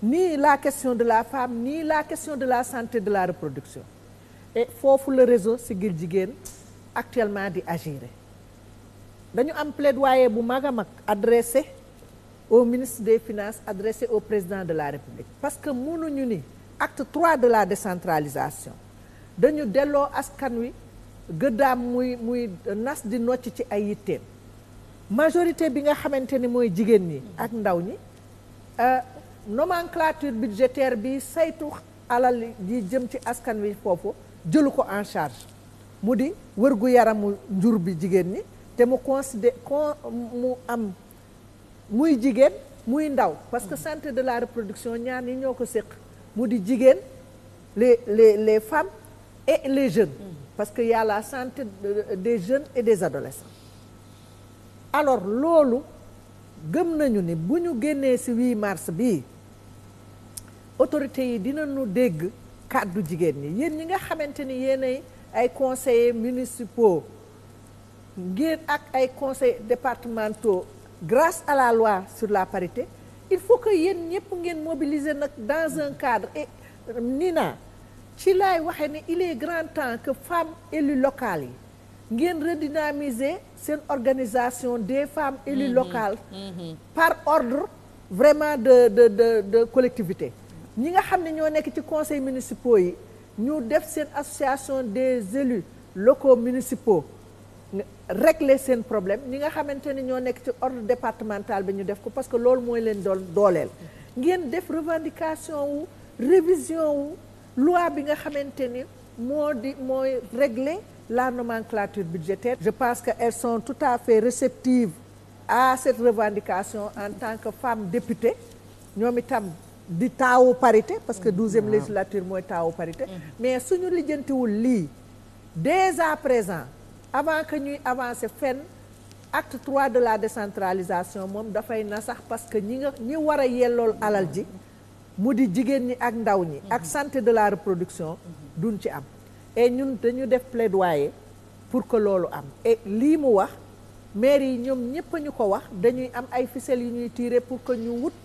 ni la question de la femme ni la question de la santé de la reproduction et foofu la réseau Siggil Jigéen actuellement di agir dañu am plaidoyer bu mag a mag adressé au ministre des finances adressé au président de la république parce que ñu ni acte trois de la décentralisation dañu delloo askan wi gëddaam muy muy nas di nocc ci ay yitteem majorité bi nga xamante ni mooy jigéen ñi ak ndaw ñi euh, nomenclature budgétaire bi saytu alal yi jëm ci askan wi foofu jëlu ko en charge mu di wërgu yaramu njur bi jigéen ñi te mu considé con mu am muy jigéen muy ndaw parce que santé de la reproduction ñaan yi ñoo ko séq mu di jigéen les les les femmes et les jeunes parce que y la santé des jeunes et des adolescents alors loolu gëm nañu ni bu ñu génnee ci 8 mars bi autorités yi dina dinañu dégg kàddu jigéen ñi yéen ñi nga xamante ni yéenay ay conseillers municipaux ngeen ak ay conseil départementaux grâce à la loi sur la parité il faut que yéen ñëpp ngeen mobiliser nag dans un cadre et euh, Nina ci laay waxee ni il est grand temps que femmes élues locales yi ngeen redynamiser seen organisation des femmes élues mm-hmm. locales mm-hmm. par ordre vraiment de de de de collectivité ñi nga xam ne ñoo nekk ci conseils municipaux yi ñu def seen association des élus locaux municipaux régler seen problème ñi nga xamante ne ñoo nekk ci ordre départemental bi ñu def ko parce que loolu mooy leen doon dooleel ngeen def revendication wu révision wu loi bi nga xamante ni moo di mooy régler la nomenclature budgétaire je pense que elles sont tout à fait réceptives à cette revendication en tant que femme députée ñoom itam di taawu parité parce que douzième législature mooy taawu parité mm-hmm. mais suñu lijjantiwul lii dès à présent avant que ñuy avancer fenn acte trois de la décentralisation moom dafay na sax parce que ñi nga ñi war a yellool alal ji mu di jigéen ñi ak ndaw ñi ak santé de la reproduction duñ ci am et ñun dañu def plaidoyer pour que loolu am et lii mu wax maire yi ñoom ñëpp ñu ko wax dañuy am ay ficelles yu ñuy tirer pour que ñu wut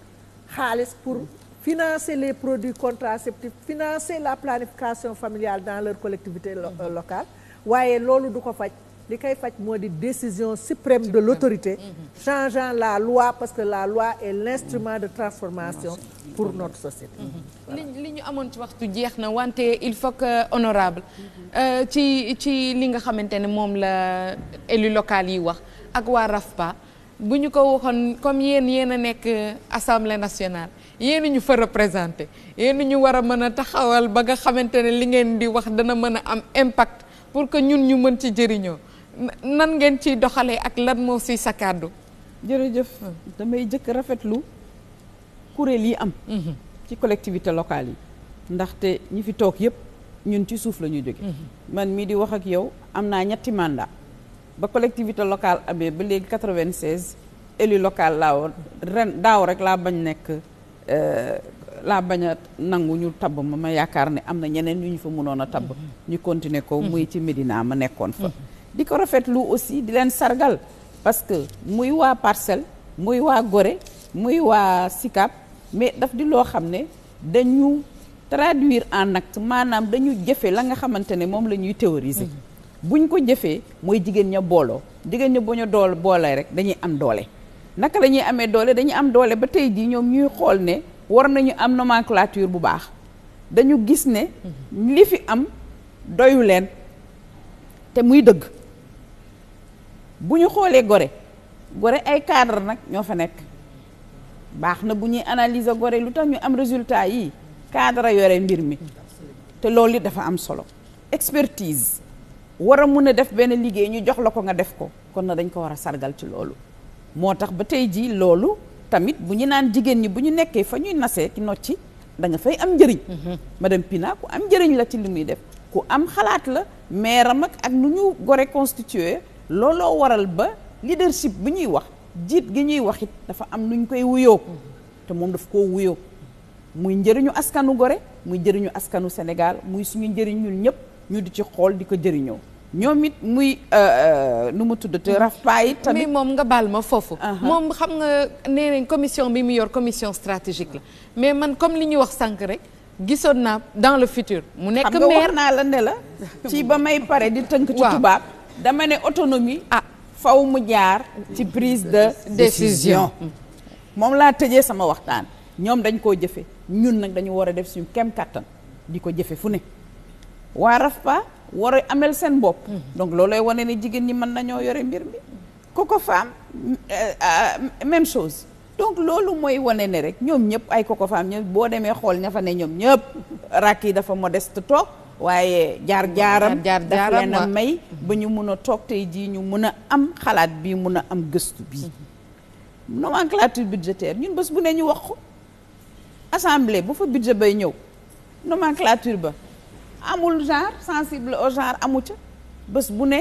xaalis pour financer les produits contraceptifs financer la planification familiale dans leur collectivité euh, locale waaye loolu du ko faj li koy faj moo di décision suprême de l'autorité mhm. changeant la loi parce que la loi est l'instrument de transformation pour notre société mhm. li ñu amoon ci waxtu jeex na wante il faut que honorable mhm. euh, ci ci li nga xamante ne moom la élu local yi wax ak waa RAFPA bu ñu ko waxoon comme yéen yéen a nekk assemblée nationale yéen ñu fa représenté yéen ñu war a mën a taxawal ba nga xamante ne li ngeen di wax dana mën a am impact pour que ñun ñu mën ci jëriñoo nan ngeen ciy doxalee ak lan moo si sa kàddu jërëjëf damay jëkk rafetlu kuréel yi am mhm. ci collectivité locale yi ndaxte ñi fi toog yëpp ñun ci suuf la ñu jóge mhm. man mii di wax ak yow am naa ñetti mandat ba collectivité local amee ba léegi 96 élu local laa woon ren daaw rek laa bañ nekk euh, laa bañ a nangu ñu tabb ma ma yaakaar ni am na ñeneen yu ñu fa mënoon a tabb mhm. ñu continuer ko muy ci Médina ma nekkoon fa di ko rafetlu aussi di leen sargal parce que muy waa parcelle muy waa gore muy waa Sicap mais daf di loo xam ne dañu traduire en acte maanaam dañu jëfe la nga xamante ne moom la ñuy théoriser. Mm-hmm. buñ ko jëfee mooy jigéen ña booloo jigéen ña bu ñu dool boolee rek dañuy am doole. naka la amee doole dañuy am doole ba tey jii ñoom ñuy xool ne war nañu am nomenclature bu baax dañu gis ne. Mm-hmm. li fi am doyu leen te muy dëgg. bu ñu xoolee gore gore ay cadre nag ñoo fa nekk baax na bu ñuy analyser gore lu tax ñu am résultat yi cadre yore mbir mi te loolu it dafa am solo expertise war a mun a def benn liggéey ñu jox la ko nga def ko kon na dañ ko war a sargal ci loolu moo tax ba tey jii loolu tamit bu ñu naan jigéen ñi bu ñu nekkee fa ñuy nasee ki nocci da nga fay am njëriñ mhm. madame Pina ku am njëriñ la ci li muy def ku am xalaat la meeram ak ak nu ñu gore constitué looloo waral ba leadership bi ñuy wax jiit gi ñuy wax it dafa am nuñ koy wuyoo te moom daf koo wuyoo muy njëriñu askanu gore muy njëriñu askanu Sénégal muy suñu njëriñ ñun ñëpp ñu di ci xool di ko jëriñoo ñoom it muy euh, euh, nu mu tudd te RAFPA it tamit moom nga baal ma foofu moom xam nga nee nañ commission bi mu yor commission stratégique la mais man comme li ñuy wax sànq rek gisoon naa dans le futur mu nekk maire xam naa la ne la ci ba may pare di tënk ci tubaab dama ne autonomie. ah faw mu jaar ci prise de décision. moom laa tëjee sama waxtaan ñoom dañ koo jëfe ñun nag dañu war a def suñu kem kàttan di ko jëfe fu ne waa RAFPA war a ameel seen bopp. donc loolu loolooy wane ne jigéen ñi mën nañoo yore mbir mi. Coco Femme euh, euh, même chose donc loolu mooy wane ne rek ñoom ñëpp ay Coco Femme ñoom boo demee xool ña fa ne ñoom ñëpp rakk yi dafa modeste toog. waaye jaar jaaram daf leen a may ba ñu mun a toog tey jii ñu mun a am xalaat bi mun a am gëstu bi mhm. nomenclature budgétaire ñun bés bu ne ñu wax ko assemblée bu fa budget bay ñëw nomenclature ba amul genre sensible au genre amu ca bés bu ne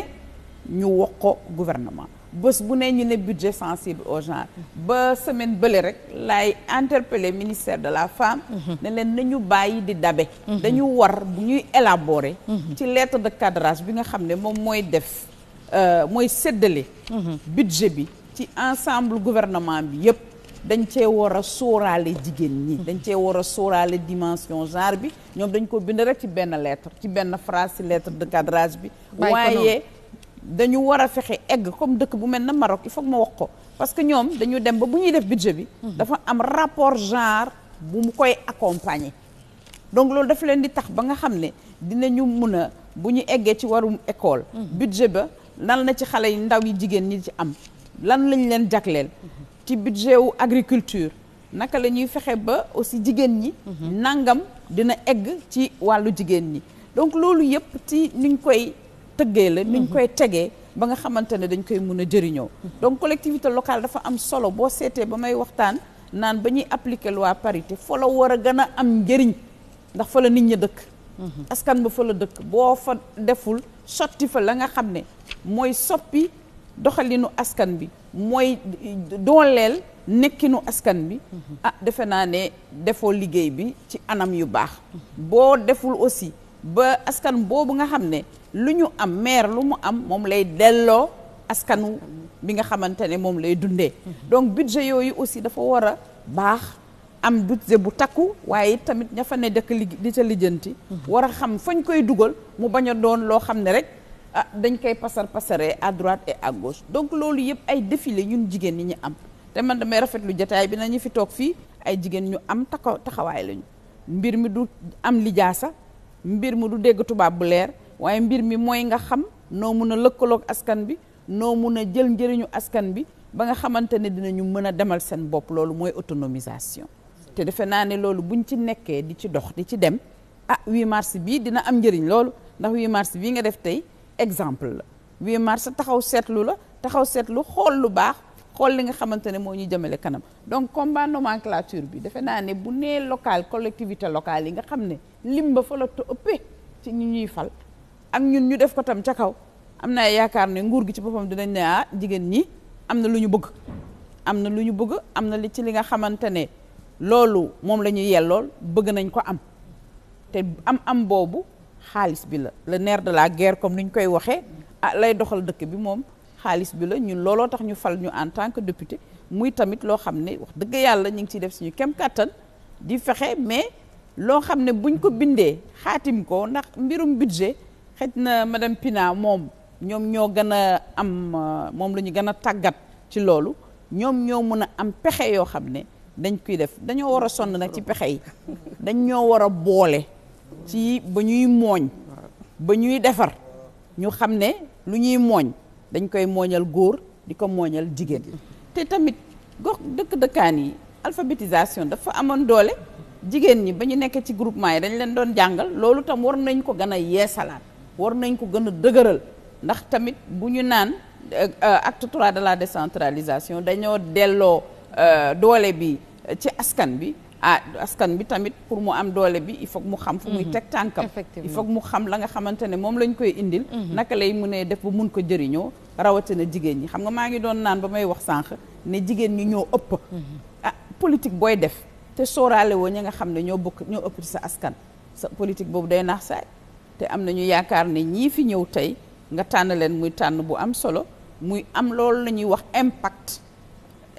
ñu wax ko gouvernement bés bu ne ñu ne budget sensible au genre ba semaine bële rek laay interpeller ministère de la femme mhm. ne leen nañu bàyyi di dabe mhm. dañu war bu ñuy élaborer mhm. ci lettre de cadrage bi nga xam ne moom mooy def euh, mooy séddale budget bi ci ensemble gouvernement bi yëpp dañ cee war a sóoraale jigéen ñi dañ cee war a sóoraale dimension genre bi ñoom dañ ko bind rek ci benn lettre ci benn phrase ci lettre de cadrage bi waaye dañu war a fexe egg comme dëkk bu mel na Maroc il faut que ma wax ko parce que ñoom dañu dem ba bu ñuy def budget bi hmm. dafa am rapport genre bu mu koy accompagner donc loolu dafa leen di tax ba nga xam ne dina ñu mun a bu ñu eggee ci warum école hmm. budget ba lan la ci xale yi ndaw yi jigéen ñi ci am lan lañ leen jagleel ci budget wu agriculture naka lañuy ñuy fexe ba aussi jigéen ñi hmm. nangam dina egg ci wàllu jigéen ñi donc loolu yëpp ci nuñ koy tëggee la ni ñu koy tegee ba nga xamante ne dañ koy mun a jëriñoo donc collectivité locale dafa am solo boo seetee ba may waxtaan naan ba ñuy appliquer loi parité fa war a gën a am njëriñ ndax folo nit ñi dëkk mhm. askan ba fa dëkk boo fa deful sotti fa la nga xam ne mooy soppi doxalinu askan bi mooy dooleel nekkinu askan bi mhm. ah defe naa ne defoo liggéey bi ci anam yu baax boo deful aussi ba askan boobu nga xam ne lu ñu am maire lu mu am moom lay delloo askanu bi nga xamante ne moom lay dundee donc budget yooyu aussi dafa war a baax am budget bu takku waaye tamit ña fa ne dëkk li di war a xam fañ koy dugal mu bañ a doon loo xam ne rek ah dañ koy pasar pasaree à droite et à gauche donc loolu yëpp ay défilé ñun jigéen ñi ñu am te man damay rafetlu jotaay bi nañu fi toog fii ay jigéen ñu am taxawaay lañu mbir mi du am sax mbir mu du dégg tubaab bu leer waaye mbir mi mooy nga xam noo mun a lëkkaloog askan bi noo mun a jël njëriñu askan bi ba nga xamante ne dinañu mën a demal seen bopp loolu mooy autonomisation te defe naa ne loolu buñ ci nekkee di ci dox di ci dem ah 8 mars bii dina am njëriñ loolu ndax 8 mars bii nga def tey exemple la 8 mars taxaw seetlu la taxaw seetlu xool lu baax xool li nga xamante ne moo ñuy jëmale kanam donc combat nomenclature bi defe naa ne bu nee local collectivité locale yi nga xam ne lim ba fa to ëppee ci ñu ñuy fal ak ñun ñu def ko tam ca kaw am naa yaakaar ne nguur gi ci boppam dinañ ne ah jigéen ñi am na lu ñu bëgg am na lu ñu bëgg am na li ci li nga xamante ne loolu moom la ñuy yellool bëgg nañ ko am te am am boobu xaalis bi la le nerf de la guerre comme ni ñu koy waxee ah lay doxal dëkk bi moom xaalis bi la ñun looloo tax ñu fal ñu en tant que député muy tamit loo xam ne wax dëgg yàlla ñu ngi ciy def suñu kem kàttan di fexe mais loo xam ne buñ ko bindee xaatim ko ndax mbirum budget xëj na madame Pina moom ñoom ñoo gën a am euh, moom la ñu gën a tàggat ci loolu ñoom ñoo mën a am pexe yoo xam ne dañ koy def dañoo war a sonn nag ci pexe yi dañ ñoo war a boole ci ba ñuy mooñ ba ñuy defar ñu xam ne lu ñuy mooñ dañ koy mooñal góor di ko mooñal jigéen te tamit gox dëkk-dëkkaan yi alphabétisation dafa amoon doole jigéen ñi ba ñu nekkee ci groupement yi dañ leen doon jàngal loolu tam war nañ ko gën a yeesalaat war nañ ko gën a dëgëral ndax tamit bu ñu naan euh, acte trois de la décentralisation dañoo delloo euh, doole bi ci askan bi ah askan bi tamit pour mu am doole bi il foog mu xam fu muy mhm. teg tànkam i foog mu xam la nga xamante ne moom lañ koy indil mhm. naka lay mënee def ba mun ko jëriñoo rawatina jigéen ñi xam nga maa ngi doon naan ba may wax sànq ne jigéen ñi ñoo ëpp mhm. ah politique booy def te sóoraale woo ñi nga xam ne ñoo bokk ñoo ëpp sa askan sa politique boobu day naax saay te am na ñu yaakaar ne ñii fi ñëw tey nga tànn leen muy tànn bu am solo muy am loolu la ñuy wax impact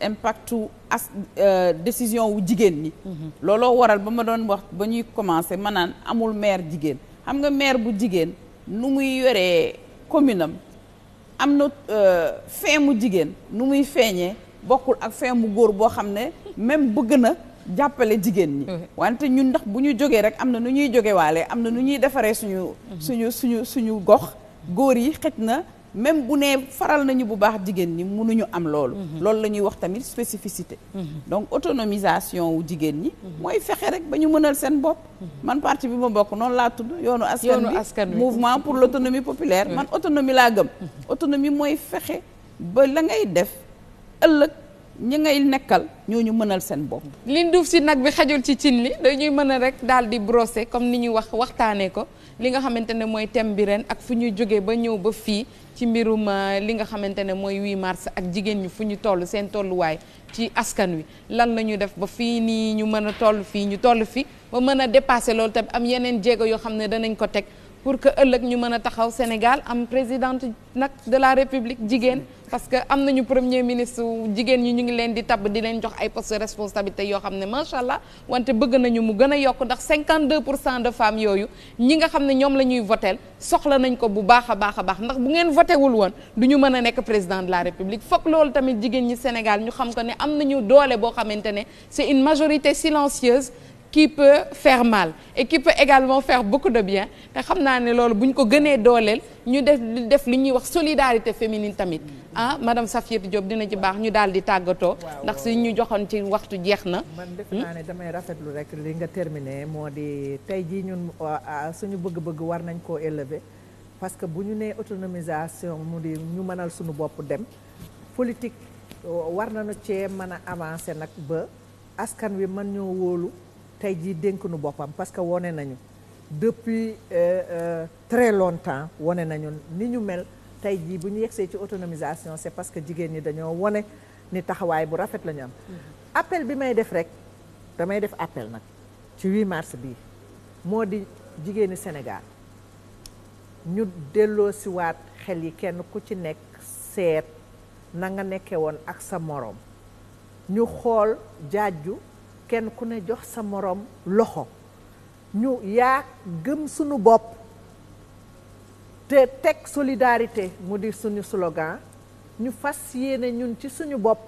impact as euh, décision wu jigéen ñi. Mhm. looloo waral ba ma doon wax ba ñuy commencé manaan amul maire jigéen xam nga maire bu jigéen nu muy yoree commune am am na euh, fin mu jigéen nu muy feeñee bokkul ak fin mu góor boo xam ne même bëgg na jàppale jigéen ñi. wante ñun ndax bu ñu jógee rek am na nu ñuy jógewaale am na nu ñuy defaree suñu. Mhm. suñu suñu suñu gox góor yi xëj na. même bu nee faral nañu bu baax jigéen ñi mënuñu am loolu. Mhm. loolu la ñuy wax tamit spécificité. Mhm. donc autonomisation wu jigéen ñi. Mhm. mooy fexe rek ba ñu mënal seen bopp. man parti bi ma bokk noonu laa tudd yoonu. askan bi mouvement pour l' autonomie populaire. man autonomie laa gëm. autonomie mooy fexe ba la ngay def ëllëg. ñu ngay nekkal ñooñu mënal seen bopp. li duuf si nag bi xajul ci cin li dañuy mën a rek daal di brosser comme ni ñu wax waxtaanee ko li nga xamante ne mooy thème bi ren ak fu ñuy jógee ba ñëw ba fii ci mbirum euh, li nga xamante ne mooy 8 mars ak jigéen ñi fu ñu toll seen tolluwaay ci askan wi lan la ñuy def ba fii nii ñu mën a toll fii ñu toll fii ba mën a dépasser loolu tamit am yeneen jéego yoo xam ne danañ ko teg pour que ëllëg ñu mën a taxaw Sénégal am présidente nag de la République jigéen parce que am nañu premier ministre jigéen ñi ñu ngi leen di tabb di leen jox ay postes de responsabilité yoo xam ne macha wante bëgg nañu mu gën a yokk ndax 52 pour cent de femmes yooyu ñi nga xam ne ñoom lañuy votel soxla nañ ko bu baax a baax a baax ndax bu ngeen voté woon du ñu mën a nekk président de la république foog loolu tamit jigéen ñi Sénégal ñu xam ko ne am nañu doole boo xamante ne c'est une majorité silencieuse qui peut faire mal et qui peut également faire beaucoup de bien te xam naa ne loolu bu ñu ko gënee dooleel ñu def def li ñuy wax solidarité féminine tamit ah madame Safiatou Diop dina ci baax ñu daal di tàggatoo. ndax si ñu joxoon ci waxtu jeex na. man def naa ne damay rafetlu rek li nga terminé moo di tey jii ñun ah, ah, suñu bëgg-bëgg war nañ koo élever parce que bu ñu nee autonomisation mu di ñu mënal suñu bopp dem politique oh, war nañu cee mën a avancé nag ba askan wi mën ñoo wóolu. tey jii dénk nu boppam parce que wone nañu depuis euh, euh, très longtemps wone nañu ni ñu mel tey jii bu ñu yegsee ci autonomisation c'est parce que jigéen ñi dañoo wone ni taxawaay bu rafet la ñu am. Mm-hmm. appel bi may def rek damay def appel nag ci 8 mars bii moo di jigéeni Sénégal ñu delloo si waat xel yi kenn ku ci nekk seet na nga nekkee woon ak sa moroom ñu xool jaaju. kenn ku ne jox sa moroom loxo ñu yaa gëm suñu bopp te teg solidarité mu di suñu slogan ñu fas yéene ñun ci suñu bopp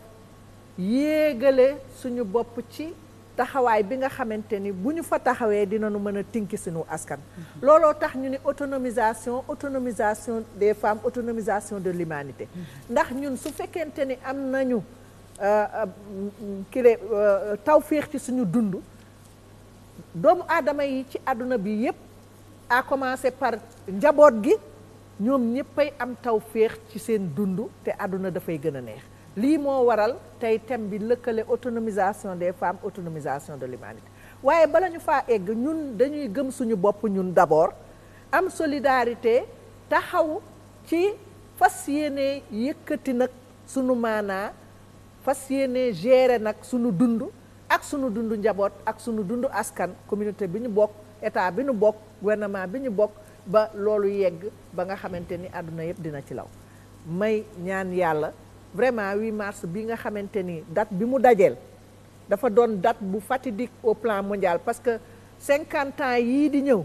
yéegale suñu bopp ci taxawaay bi nga xamante ni bu ñu fa taxawee dinañu mën a tinki suñu askan mhm. looloo tax ñu ni autonomisation autonomisation des femmes autonomisation de l'humanité mhm. ndax ñun su fekkente ni am nañu kile euh, tawféex ci suñu dund doomu aadama yi ci àdduna bi yépp à commencer par njaboot gi ñoom ñéppay am tawféex ci seen dund te àdduna dafay gën a neex lii moo waral tey thème bi lëkkale autonomisation des femmes autonomisation de l'humanité waaye bala ñu faa egg ñun dañuy gëm suñu bopp ñun d'abord am solidarité taxaw ci fas yéene yëkkati nag sunu maanaa fas yéene gérer nag sunu dund ak sunu dund njaboot ak sunu dund askan communauté bi ñu bokk état bi ñu bokk gouvernement bi ñu bokk ba loolu yegg ba nga xamante ni àdduna yëpp dina ci law may ñaan yàlla vraiment 8 mars bi nga xamante ni date bi mu dajeel dafa doon date bu fatidique au plan mondial parce que 50 ans yii di ñëw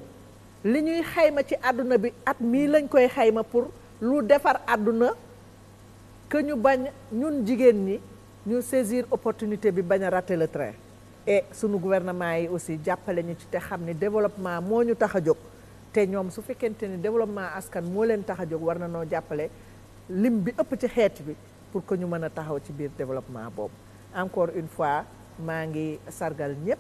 li ñuy xayma ci àdduna bi at mii lañ koy xayma pour lu defar àdduna que ñu bañ ñun jigéen ñi ñu saisir opportunité bi bañ a rater le train et sunu gouvernement yi aussi jàppale ñu ci te xam ne développement moo ñu tax a jóg te ñoom su fekkente ni développement askan moo leen tax a jóg war na noo jàppale lim bi ëpp ci xeet bi pour que ñu mën a taxaw ci biir développement boobu encore une fois maa ngi sargal ñëpp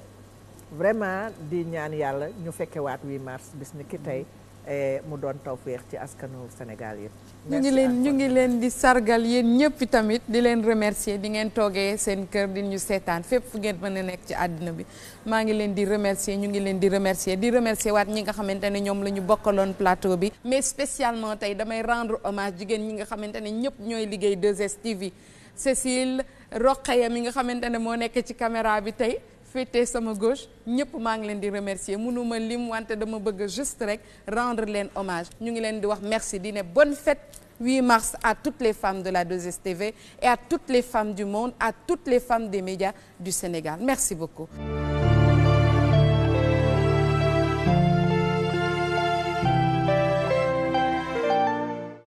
vraiment di ñaan yàlla ñu fekke waat 8 mars bis ni ki tey mu doon tawféex ci askanu Sénégal yëpp. ñu ngi leen ñu ngi leen di sargal yéen ñëpp tamit di leen remercier di ngeen toogee seen kër di ñu seetaan fépp fu ngeen mën a nekk ci àddina bi maa ngi leen di remercier ñu ngi leen di remercier di remercier waat ñi nga xamante ne ñoom la ñu bokkaloon plateau bi. mais spécialement tey damay rendre hommage jigéen ñi nga xamante ne ñëpp ñooy liggéey 2STV Cécile Roqaya mi nga xamante ne moo nekk ci caméra bi tey. féetee sama gauche ñëpp maa ngi leen di remercier mënuma lim wante dama bëgg juste rek rendre leen hommage ñu ngi leen di wax merci di ne bonne fête 8 mars à toutes les femmes de la 2 et à toutes les femmes du monde à toutes les femmes des médias du Sénégal merci beaucoup